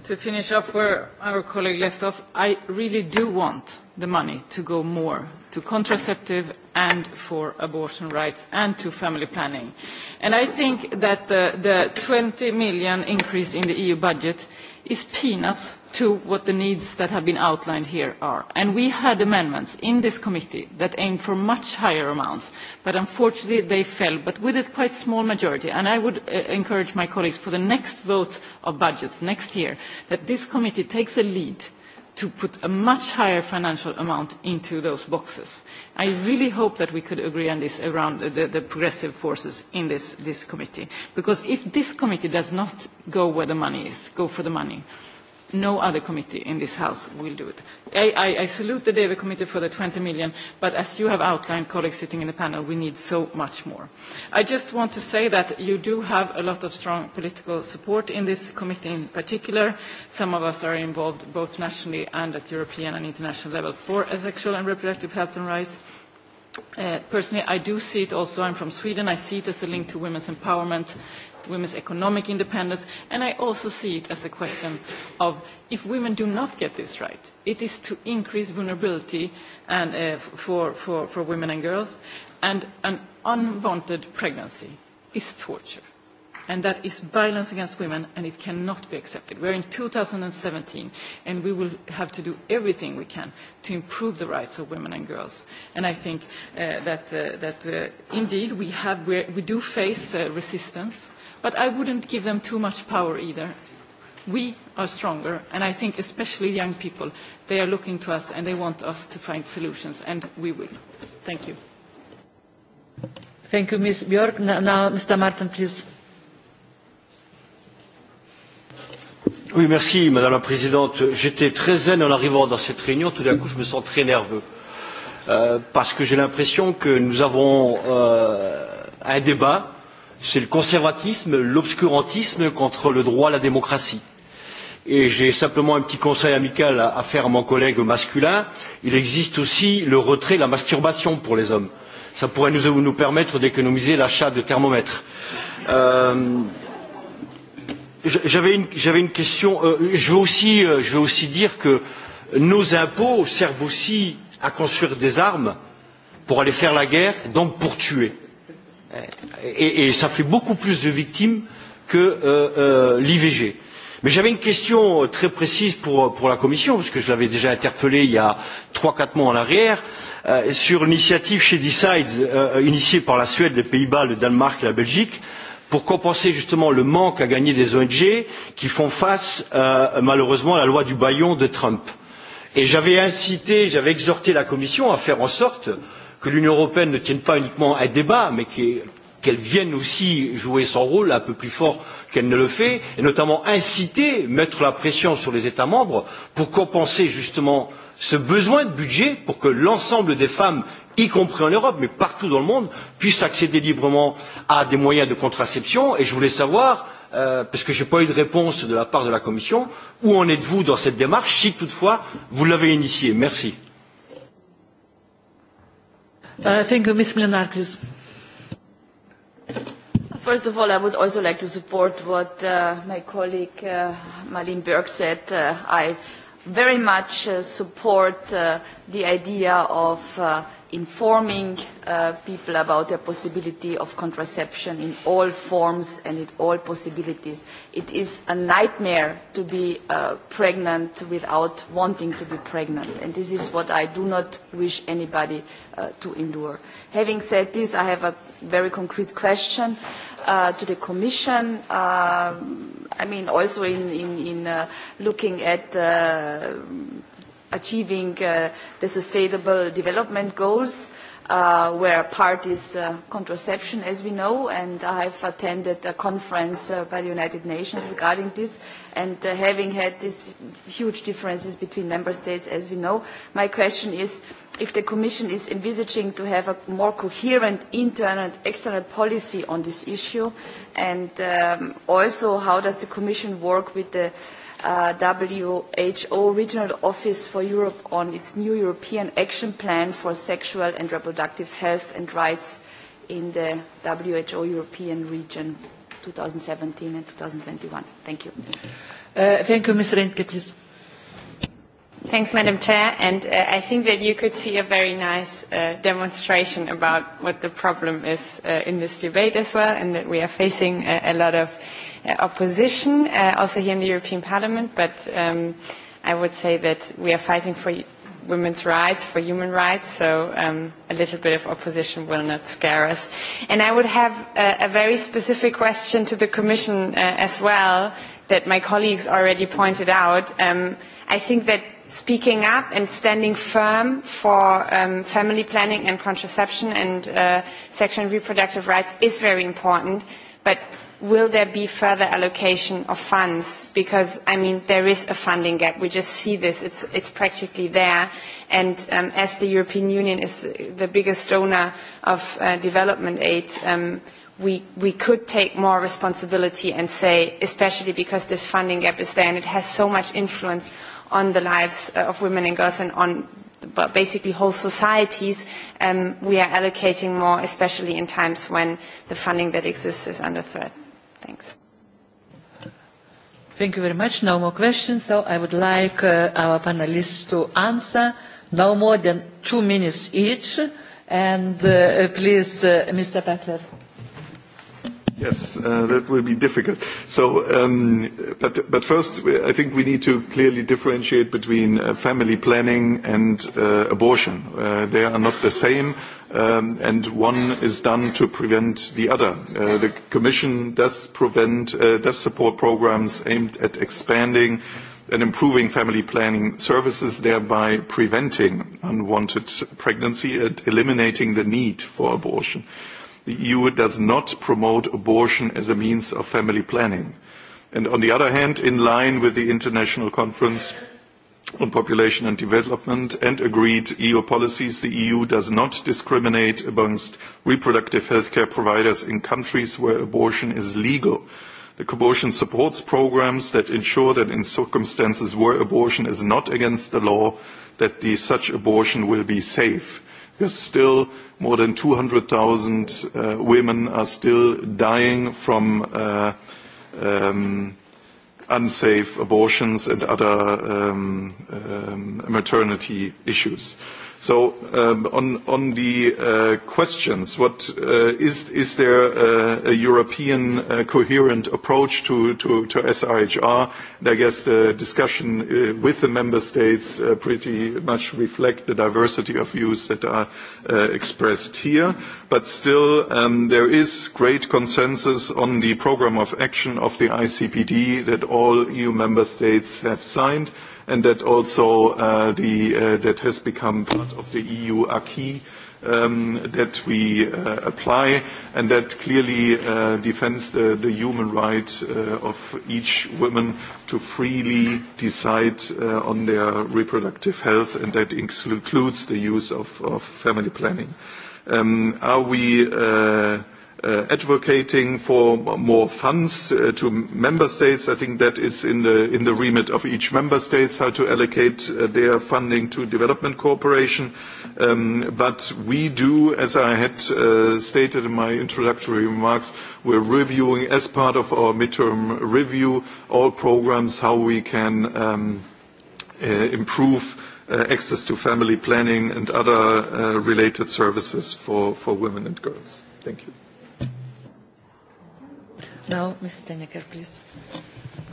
To finish off where our colleague left off, I really do want the money to go more to contraceptive and for abortion rights and to family planning. And I think that the, the 20 million increase in the EU budget is peanuts to what the needs that have been outlined here are. And we had amendments in this committee that aimed for much higher amounts, but unfortunately they fell, but with a quite small majority. And I would uh, encourage my colleagues for the next vote of budgets next year that this committee takes a lead to put a much higher financial amount into those boxes. I really hope that we could agree on this around the, the progressive forces in this, this committee. Because if this committee does not go where the money is, go for the money, no other committee in this House will do it. I, I, I salute the DEVE committee for the 20 million, but as you have outlined, colleagues sitting in the panel, we need so much more. I just want to say that you do have a lot of strong political support in this committee in particular. Some of us are involved both nationally and at European and international level for sexual and reproductive health and rights. Uh, personally, I do see it also, I'm from Sweden, I see it as a link to women's empowerment women's economic independence, and I also see it as a question of if women do not get this right, it is to increase vulnerability and, uh, for, for, for women and girls, and an unwanted pregnancy is torture and that is violence against women, and it cannot be accepted. We're in 2017, and we will have to do everything we can to improve the rights of women and girls. And I think uh, that, uh, that uh, indeed we, have, we do face uh, resistance But I wouldn't give them too much power either. We are stronger, and I think especially young people, they are looking to us and they want us to find solutions, and we will. Thank you. Thank you, Ms. Björk. Now, Mr. Martin, please. Oui, merci, Madame la Présidente. J'étais très zen en arrivant dans cette réunion. Tout d'un coup, je me sens très nerveux. Euh, parce que j'ai l'impression que nous avons euh, un débat c'est le conservatisme, l'obscurantisme contre le droit à la démocratie. Et j'ai simplement un petit conseil amical à, faire à mon collègue masculin. Il existe aussi le retrait de la masturbation pour les hommes. Ça pourrait nous, nous permettre d'économiser l'achat de thermomètres. Euh, J'avais une, une question. Euh, je, veux aussi, euh, je veux aussi dire que nos impôts servent aussi à construire des armes pour aller faire la guerre, donc pour tuer et, et ça fait beaucoup plus de victimes que euh, euh, l'IVG. Mais j'avais une question euh, très précise pour, euh, pour la Commission, parce que je l'avais déjà interpellée il y a 3-4 mois en arrière, euh, sur l'initiative chez Decide, euh, initiée par la Suède, les Pays-Bas, le Danemark et la Belgique, pour compenser justement le manque à gagner des ONG qui font face euh, malheureusement à la loi du baillon de Trump. Et j'avais incité, j'avais exhorté la Commission à faire en sorte euh, que l'Union européenne ne tienne pas uniquement un débat, mais qu'elle vienne aussi jouer son rôle un peu plus fort qu'elle ne le fait, et notamment inciter, mettre la pression sur les États membres pour compenser justement ce besoin de budget pour que l'ensemble des femmes, y compris en Europe, mais partout dans le monde, puissent accéder librement à des moyens de contraception. Et je voulais savoir, euh, parce que je n'ai pas eu de réponse de la part de la Commission, où en êtes-vous dans cette démarche, si toutefois vous l'avez initiée Merci. Uh, thank you, Ms. Mlinar, please. First of all, I would also like to support what uh, my colleague uh, Malin Berg said. Uh, I very much support the idea of uh, informing uh, people about the possibility of contraception in all forms and in all possibilities. It is a nightmare to be uh, pregnant without wanting to be pregnant, and this is what I do not wish anybody uh, to endure. Having said this, I have a very concrete question uh, to the Commission. Uh, I mean, also in, in, in uh, looking at uh, achieving uh, the sustainable development goals uh, where part is uh, contraception, as we know, and I've attended a conference uh, by the United Nations regarding this, and uh, having had these huge differences between member states, as we know, my question is if the Commission is envisaging to have a more coherent internal and external policy on this issue, and um, also how does the Commission work with the WHO Regional Office for Europe on its new European Action Plan for Sexual and Reproductive Health and Rights in the WHO European Region 2017 and 2021. Thank you. Uh, thank you, Ms. Rentke, please. Thanks, Madam Chair. And uh, I think that you could see a very nice uh, demonstration about what the problem is uh, in this debate as well, and that we are facing a, a lot of uh, opposition, uh, also here in the European Parliament. But um, I would say that we are fighting for women's rights, for human rights, so um, a little bit of opposition will not scare us. And I would have a, uh, a very specific question to the Commission uh, as well that my colleagues already pointed out. Um, I think that speaking up and standing firm for um, family planning and contraception and uh, sexual and reproductive rights is very important. But will there be further allocation of funds? Because, I mean, there is a funding gap. We just see this. It's, it's practically there. And um, as the European Union is the, the biggest donor of uh, development aid, um, we, we could take more responsibility and say, especially because this funding gap is there and it has so much influence on the lives uh, of women and girls and on but basically whole societies, um, we are allocating more, especially in times when the funding that exists is under threat. Thanks. Thank you very much. No more questions. So I would like uh, our panelists to answer no more than two minutes each. And uh, uh please, uh, Mr. Beckler. Yes, uh, that will be difficult. So, um, but, first, I think we need to clearly differentiate between uh, family planning and uh, abortion. They are not the same, um, and one is done to prevent the other. The Commission does, prevent, does support programs aimed at expanding and improving family planning services, thereby preventing unwanted pregnancy and eliminating the need for abortion the EU does not promote abortion as a means of family planning. And on the other hand, in line with the International Conference on Population and Development and agreed EU policies, the EU does not discriminate amongst reproductive health care providers in countries where abortion is legal. The abortion supports programs that ensure that in circumstances where abortion is not against the law, that the, such abortion will be safe because still more than 200,000 uh, women are still dying from uh, um, unsafe abortions and other um, um, maternity issues. So um, on, on the uh, questions, what uh, is, is there uh, a, European coherent approach to, to, And I guess the discussion with the member states pretty much reflect the diversity of views that are expressed here. But still, um, there is great consensus on the program of action of the ICPD that all EU member states have signed and that also uh, the, uh, that has become part of the EU acquis um, that we uh, apply, and that clearly defends the, human right of each woman to freely decide on their reproductive health, and that includes the use of, family planning. Um, are we Uh, advocating for more funds uh, to member states. I think that is in the, in the remit of each member state how to allocate uh, their funding to development cooperation. Um, but we do, as I had uh, stated in my introductory remarks, we're reviewing as part of our midterm review all programs, how we can um, uh, improve access to family planning and other related services for, for women and girls. Thank you. No, Ms. Denecker, please.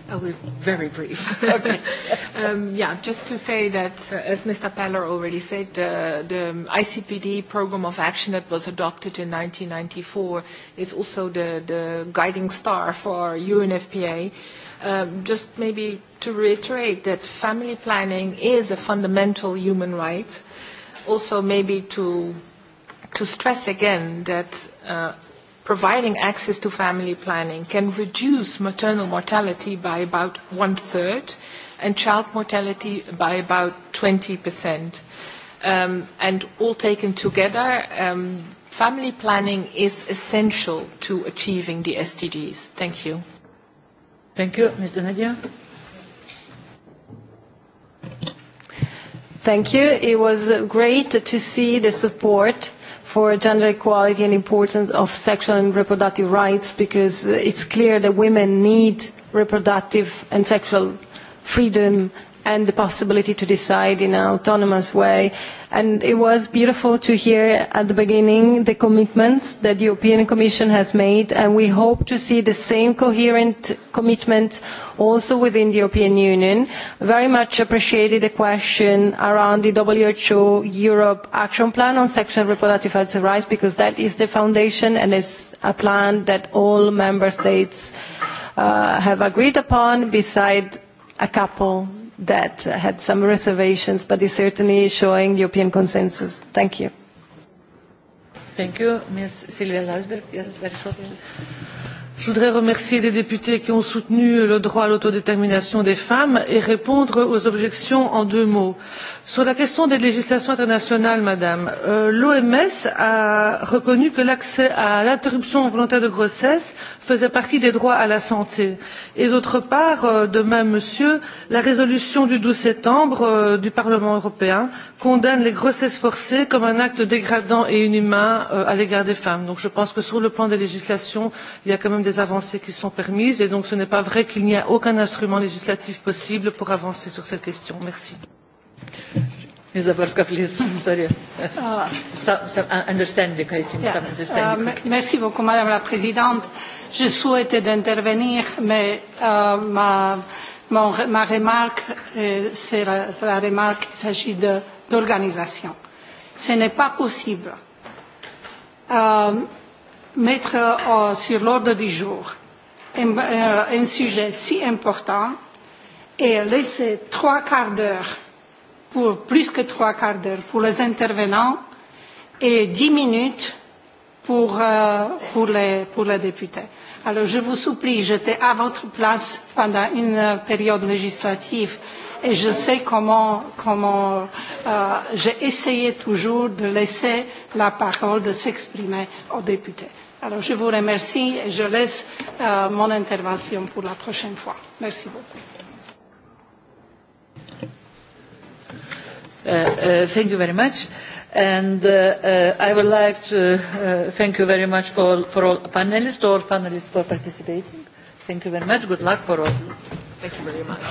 I will be very brief. Okay. Um, yeah, just to say that, uh, as Mr. Peller already said, the ICPD program of action that was adopted in 1994 is also the, guiding star for UNFPA. Um, just maybe to reiterate that family planning is a fundamental human right. Also, maybe to to stress again that uh, providing access to family planning can reduce maternal mortality by about one third and child mortality by about 20%. Um, and all taken together, um, family planning is essential to achieving the SDGs. Thank you. Thank you. Ms. Donadia? Thank you. It was great to see the support for gender equality and importance of sexual and reproductive rights because it's clear that women need reproductive and sexual freedom and the possibility to decide in an autonomous way. And it was beautiful to hear at the beginning the commitments that the European Commission has made, and we hope to see the same coherent commitment also within the European Union. Very much appreciated the question around the WHO Europe Action Plan on Sexual Reproductive Health and Rights, because that is the foundation and is a plan that all member states uh, have agreed upon, beside a couple that had some reservations, but is certainly showing European consensus. Thank you. Thank you. Ms. Sylvia Lasberg, yes, very short, please. Je voudrais remercier les députés qui ont soutenu le droit à l'autodétermination des femmes et répondre aux objections en deux mots Sur la question des législations internationales, Madame, euh, l'OMS a reconnu que l'accès à l'interruption volontaire de grossesse faisait partie des droits à la santé. Et d'autre part, euh, de même, Monsieur, la résolution du 12 septembre euh, du Parlement européen condamne les grossesses forcées comme un acte dégradant et inhumain euh, à l'égard des femmes. Donc je pense que sur le plan des législations, il y a quand même des avancées qui sont permises et donc ce n'est pas vrai qu'il n'y a aucun instrument législatif possible pour avancer sur cette question. Merci. Ms. Zaborska, please. sorry. Ah. some, some uh, understanding, I think, yeah. some understanding. Uh, um, merci beaucoup, Madame la Présidente. Je souhaitais d'intervenir, mais uh, ma, mon, ma remarque, euh, c'est la, la remarque qu'il s'agit d'organisation. Ce n'est pas possible euh, mettre euh, sur l'ordre du jour un, euh, un sujet si important et laisser trois quarts d'heure pour plus que trois quarts d'heure pour les intervenants et dix minutes pour, euh, pour, les, pour les députés. Alors je vous supplie, j'étais à votre place pendant une période législative et je sais comment, comment euh, j'ai essayé toujours de laisser la parole de s'exprimer aux députés. Alors je vous remercie et je laisse euh, mon intervention pour la prochaine fois. Merci beaucoup. Uh, uh, thank you very much. And uh, uh, I would like to uh, thank you very much for, for all panelists, all panelists for participating. Thank you very much. Good luck for all. Thank you very much.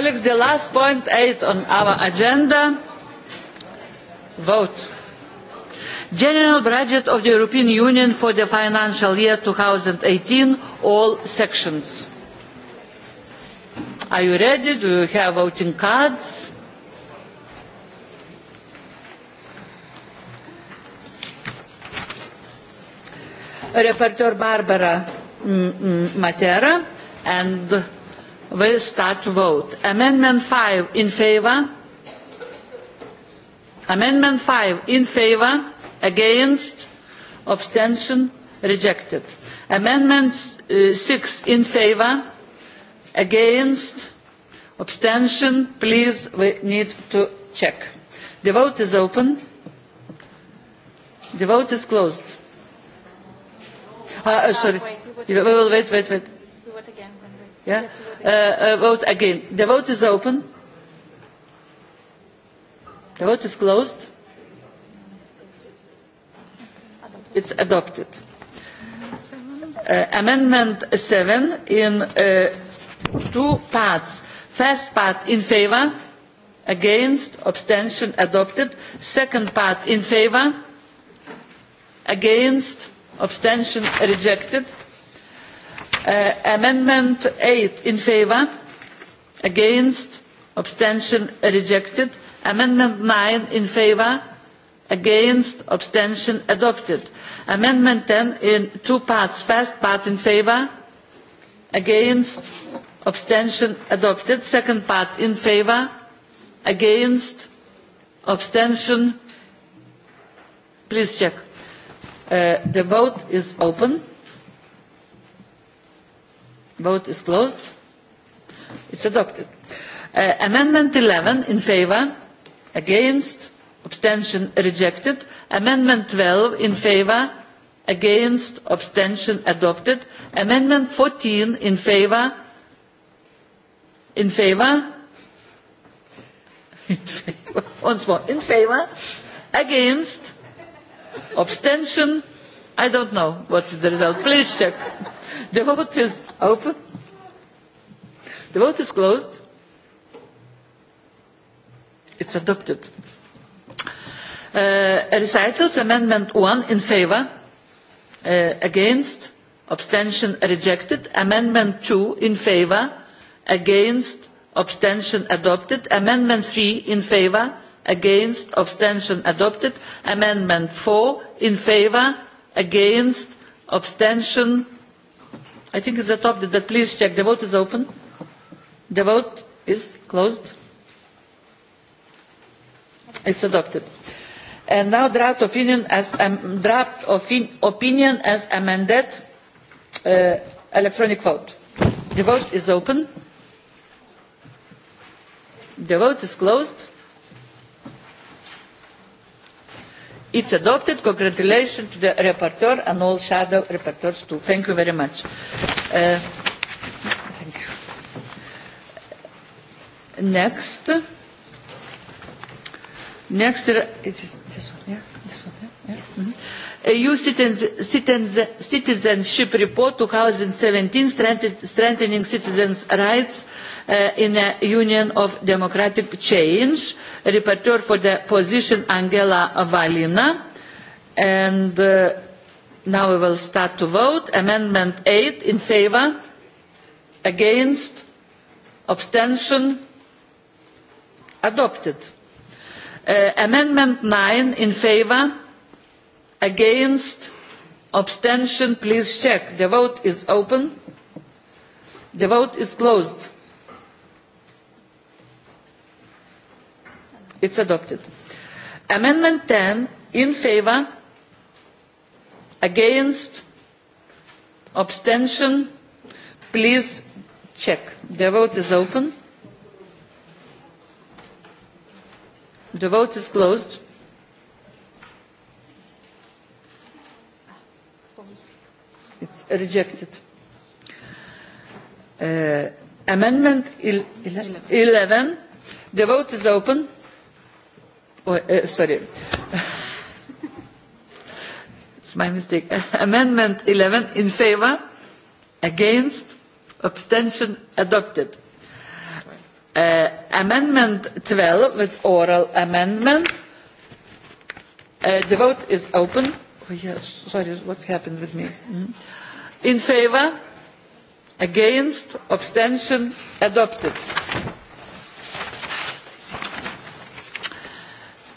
Colleagues, the last point eight on our agenda, vote. General Budget of the European Union for the financial year 2018, all sections. Are you ready? Do you have voting cards? Reporter Barbara mm, mm, Matera and We'll start to vote. Amendment 5 in favour. Amendment 5 in favour. Against. Abstention. Rejected. Amendment 6 uh, in favour. Against. Abstention. Please, we need to check. The vote is open. The vote is closed. Uh, uh, sorry. Wait, wait, wait, wait. wait. Yeah? Uh, uh, vote again. The vote is open. The vote is closed. It's adopted. Uh, amendment 7 in uh, two parts. First part in favour, against, abstention adopted. Second part in favour, against, abstention rejected Uh, amendment eight in favour against abstention rejected amendment nine in favour against abstention adopted amendment ten in two parts first part in favour against abstention adopted second part in favour against abstention please check uh, the vote is open Vote is closed. It's adopted. Uh, amendment 11 in favour. Against. Abstention rejected. Amendment 12 in favour. Against. Abstention adopted. Amendment 14 in favour. In favour. In favour. Once more. In favour. Against. Abstention I don't know what is the result. Please check. The vote is open. The vote is closed. It's adopted. Uh, recitals, Amendment 1 in favour, uh, against, abstention rejected. Amendment 2 in favour, against, abstention adopted. Amendment 3 in favour, against, abstention adopted. Amendment 4 in favour, against abstention i think it's adopted but please check the vote is open the vote is closed it's adopted and now draft opinion as um, draft opinion as amended uh, electronic vote the vote is open the vote is closed It is adopted. Congratulations to the rapporteur and all shadow rapporteurs too. Thank you very much. Uh, Next. Next, uh, it is this one, yeah? This one, EU mm-hmm. citizenship report 2017, strengthening citizens' rights Uh, in a union of democratic change, rapporteur for the position Angela Valina. And uh, now we will start to vote. Amendment eight in favour, against, abstention, adopted. Uh, amendment nine in favour, against, abstention please check the vote is open the vote is closed It's adopted. Amendment 10 in favour, against, abstention. Please check. The vote is open. The vote is closed. It's rejected. Uh, amendment 11. 11. The vote is open. Eh, sorry. it's my mistake. Amendment 11 in favor, against, abstention adopted. Uh, amendment 12 with oral amendment. Uh, the vote is open. Oh, yes, sorry, what happened with me? Mm. In favor, against, abstention adopted.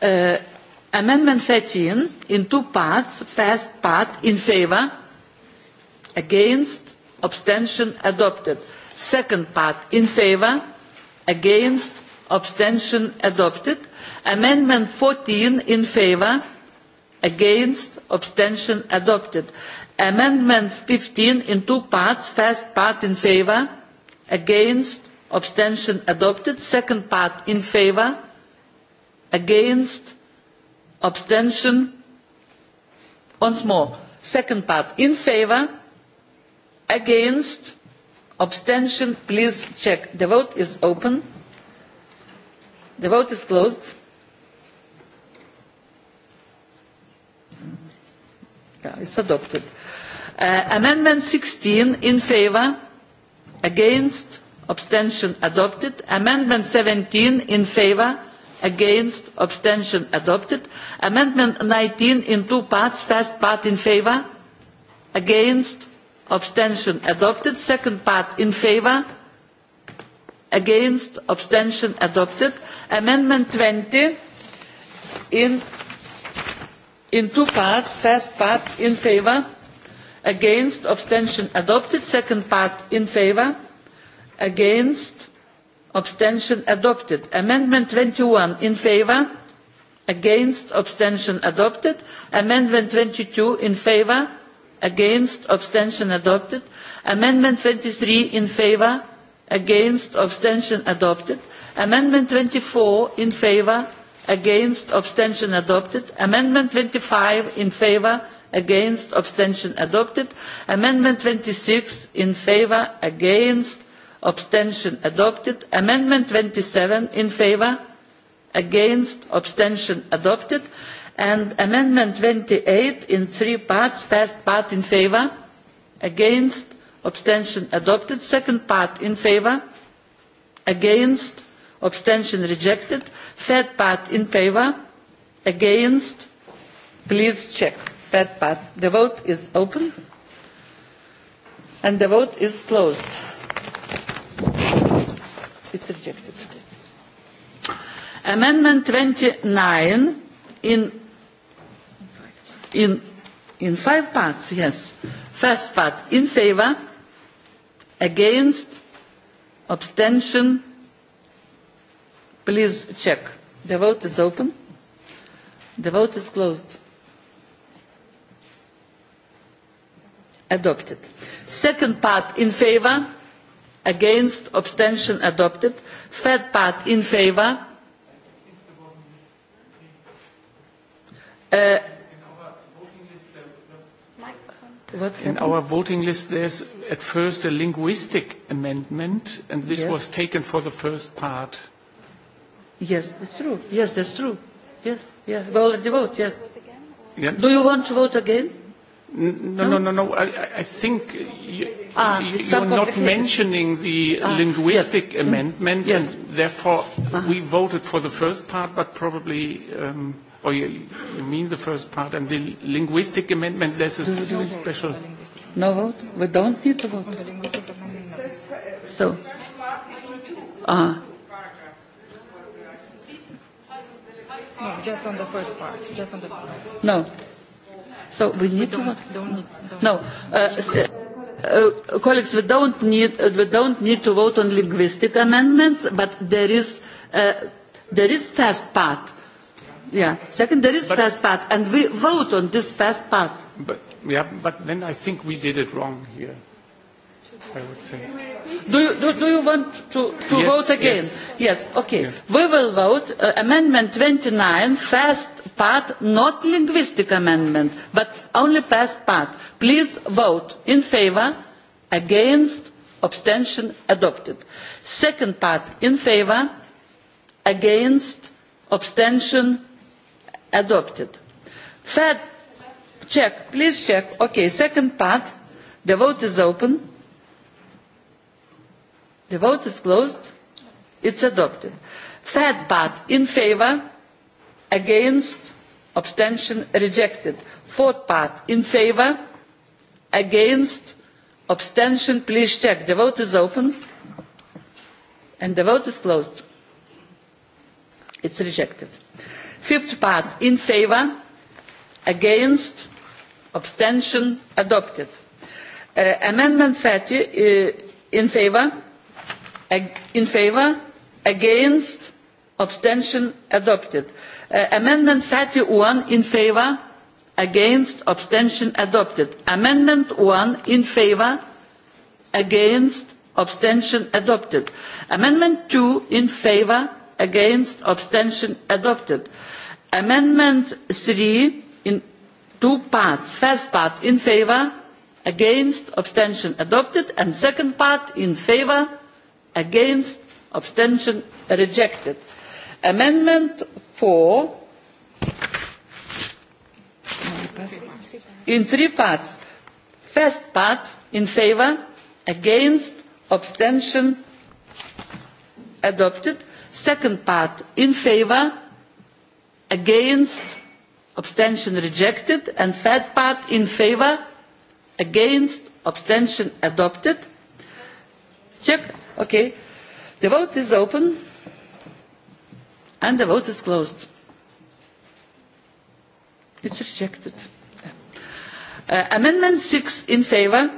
Uh, amendment 13 in two parts. First part in favour, against, abstention adopted. Second part in favour, against, abstention adopted. Amendment 14 in favour, against, abstention adopted. Amendment 15 in two parts. First part in favour, against, abstention adopted. Second part in favour, against abstention once more second part in favour against abstention please check the vote is open the vote is closed yeah, it's adopted uh, amendment 16 in favour against abstention adopted amendment 17 in favour against abstention adopted amendment 19 in two parts first part in favour, against abstention adopted second part in favour, against abstention adopted amendment 20 in in two parts first part in favour, against abstention adopted second part in favour, against abstention adopted amendment twenty one in favour against abstention adopted amendment twenty two in favour against abstention adopted amendment twenty three in favour against abstention adopted amendment twenty four in favour against abstention adopted amendment twenty five in favour against abstention adopted amendment twenty six in favour against abstention adopted amendment twenty seven in favour against abstention adopted and amendment twenty eight in three parts first part in favour against abstention adopted second part in favour against abstention rejected third part in favour against please check third part the vote is open and the vote is closed It's rejected. Amendment 29 in, in, in five parts, yes. First part, in favour, against, abstention. Please check. The vote is open. The vote is closed. Adopted. Second part, in favour, against abstention adopted third part in favour uh, in our voting list, there's at first a linguistic amendment, and this yes. was taken for the first part. Yes, that's true. Yes, that's true. Yes, yeah. Go the vote. Yes. Yeah. Do you want to vote again? No, no, no, no, no. I, I think you, ah, you're not mentioning the ah, linguistic yes. Mm-hmm. amendment, yes. and therefore uh-huh. we voted for the first part, but probably, um, or you, you mean the first part, and the linguistic amendment, there's a no special. No vote? We don't need to vote. So. Uh, no, just on the first part. Just on the. No. So we need to. work. no. Uh, uh, uh, colleagues, we don't need we don't need to vote on linguistic amendments, but there is uh, there is fast path. Yeah. Second, there is but, fast path, and we vote on this fast path. But yeah, but then I think we did it wrong here I would say. Do you, do, do you want to, to yes, vote again? Yes. yes. Okay. Yes. We will vote uh, Amendment 29, first part, not linguistic amendment, but only first part. Please vote in favor, against, abstention, adopted. Second part, in favor, against, abstention, adopted. Third, check, please check. Okay, second part, the vote is open. The vote is closed. It's adopted. Third part, in favor, against, abstention, rejected. Fourth part, in favor, against, abstention, please check. The vote is open and the vote is closed. It's rejected. Fifth part, in favor, against, abstention, adopted. Uh, amendment 30, uh, in favor in favour against abstention adopted uh, amendment 31 in favour against abstention adopted amendment 1 in favour against abstention adopted amendment 2 in favour against abstention adopted amendment 3 in two parts first part in favour against abstention adopted and second part in favour against abstention rejected amendment four in three parts first part in favour against abstention adopted second part in favour against abstention rejected and third part in favour against abstention adopted check Okay. The vote is open and the vote is closed. It's rejected. Uh, amendment six in favor,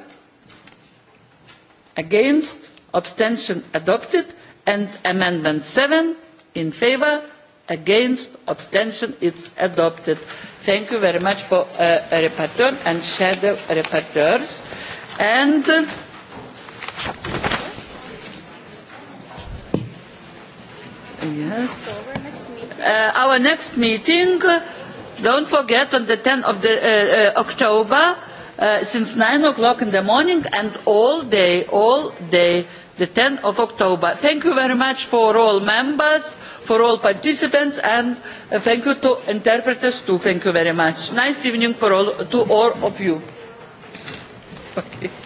against, abstention adopted, and amendment seven in favor, against, abstention, it's adopted. Thank you very much for uh, uh rapporteur and shadow rapporteurs. And Yes. Uh, our next meeting, don't forget, on the 10th of the, uh, uh, October, uh, since 9 o'clock in the morning and all day, all day, the 10th of October. Thank you very much for all members, for all participants, and uh, thank you to interpreters too. Thank you very much. Nice evening for all, to all of you. Okay.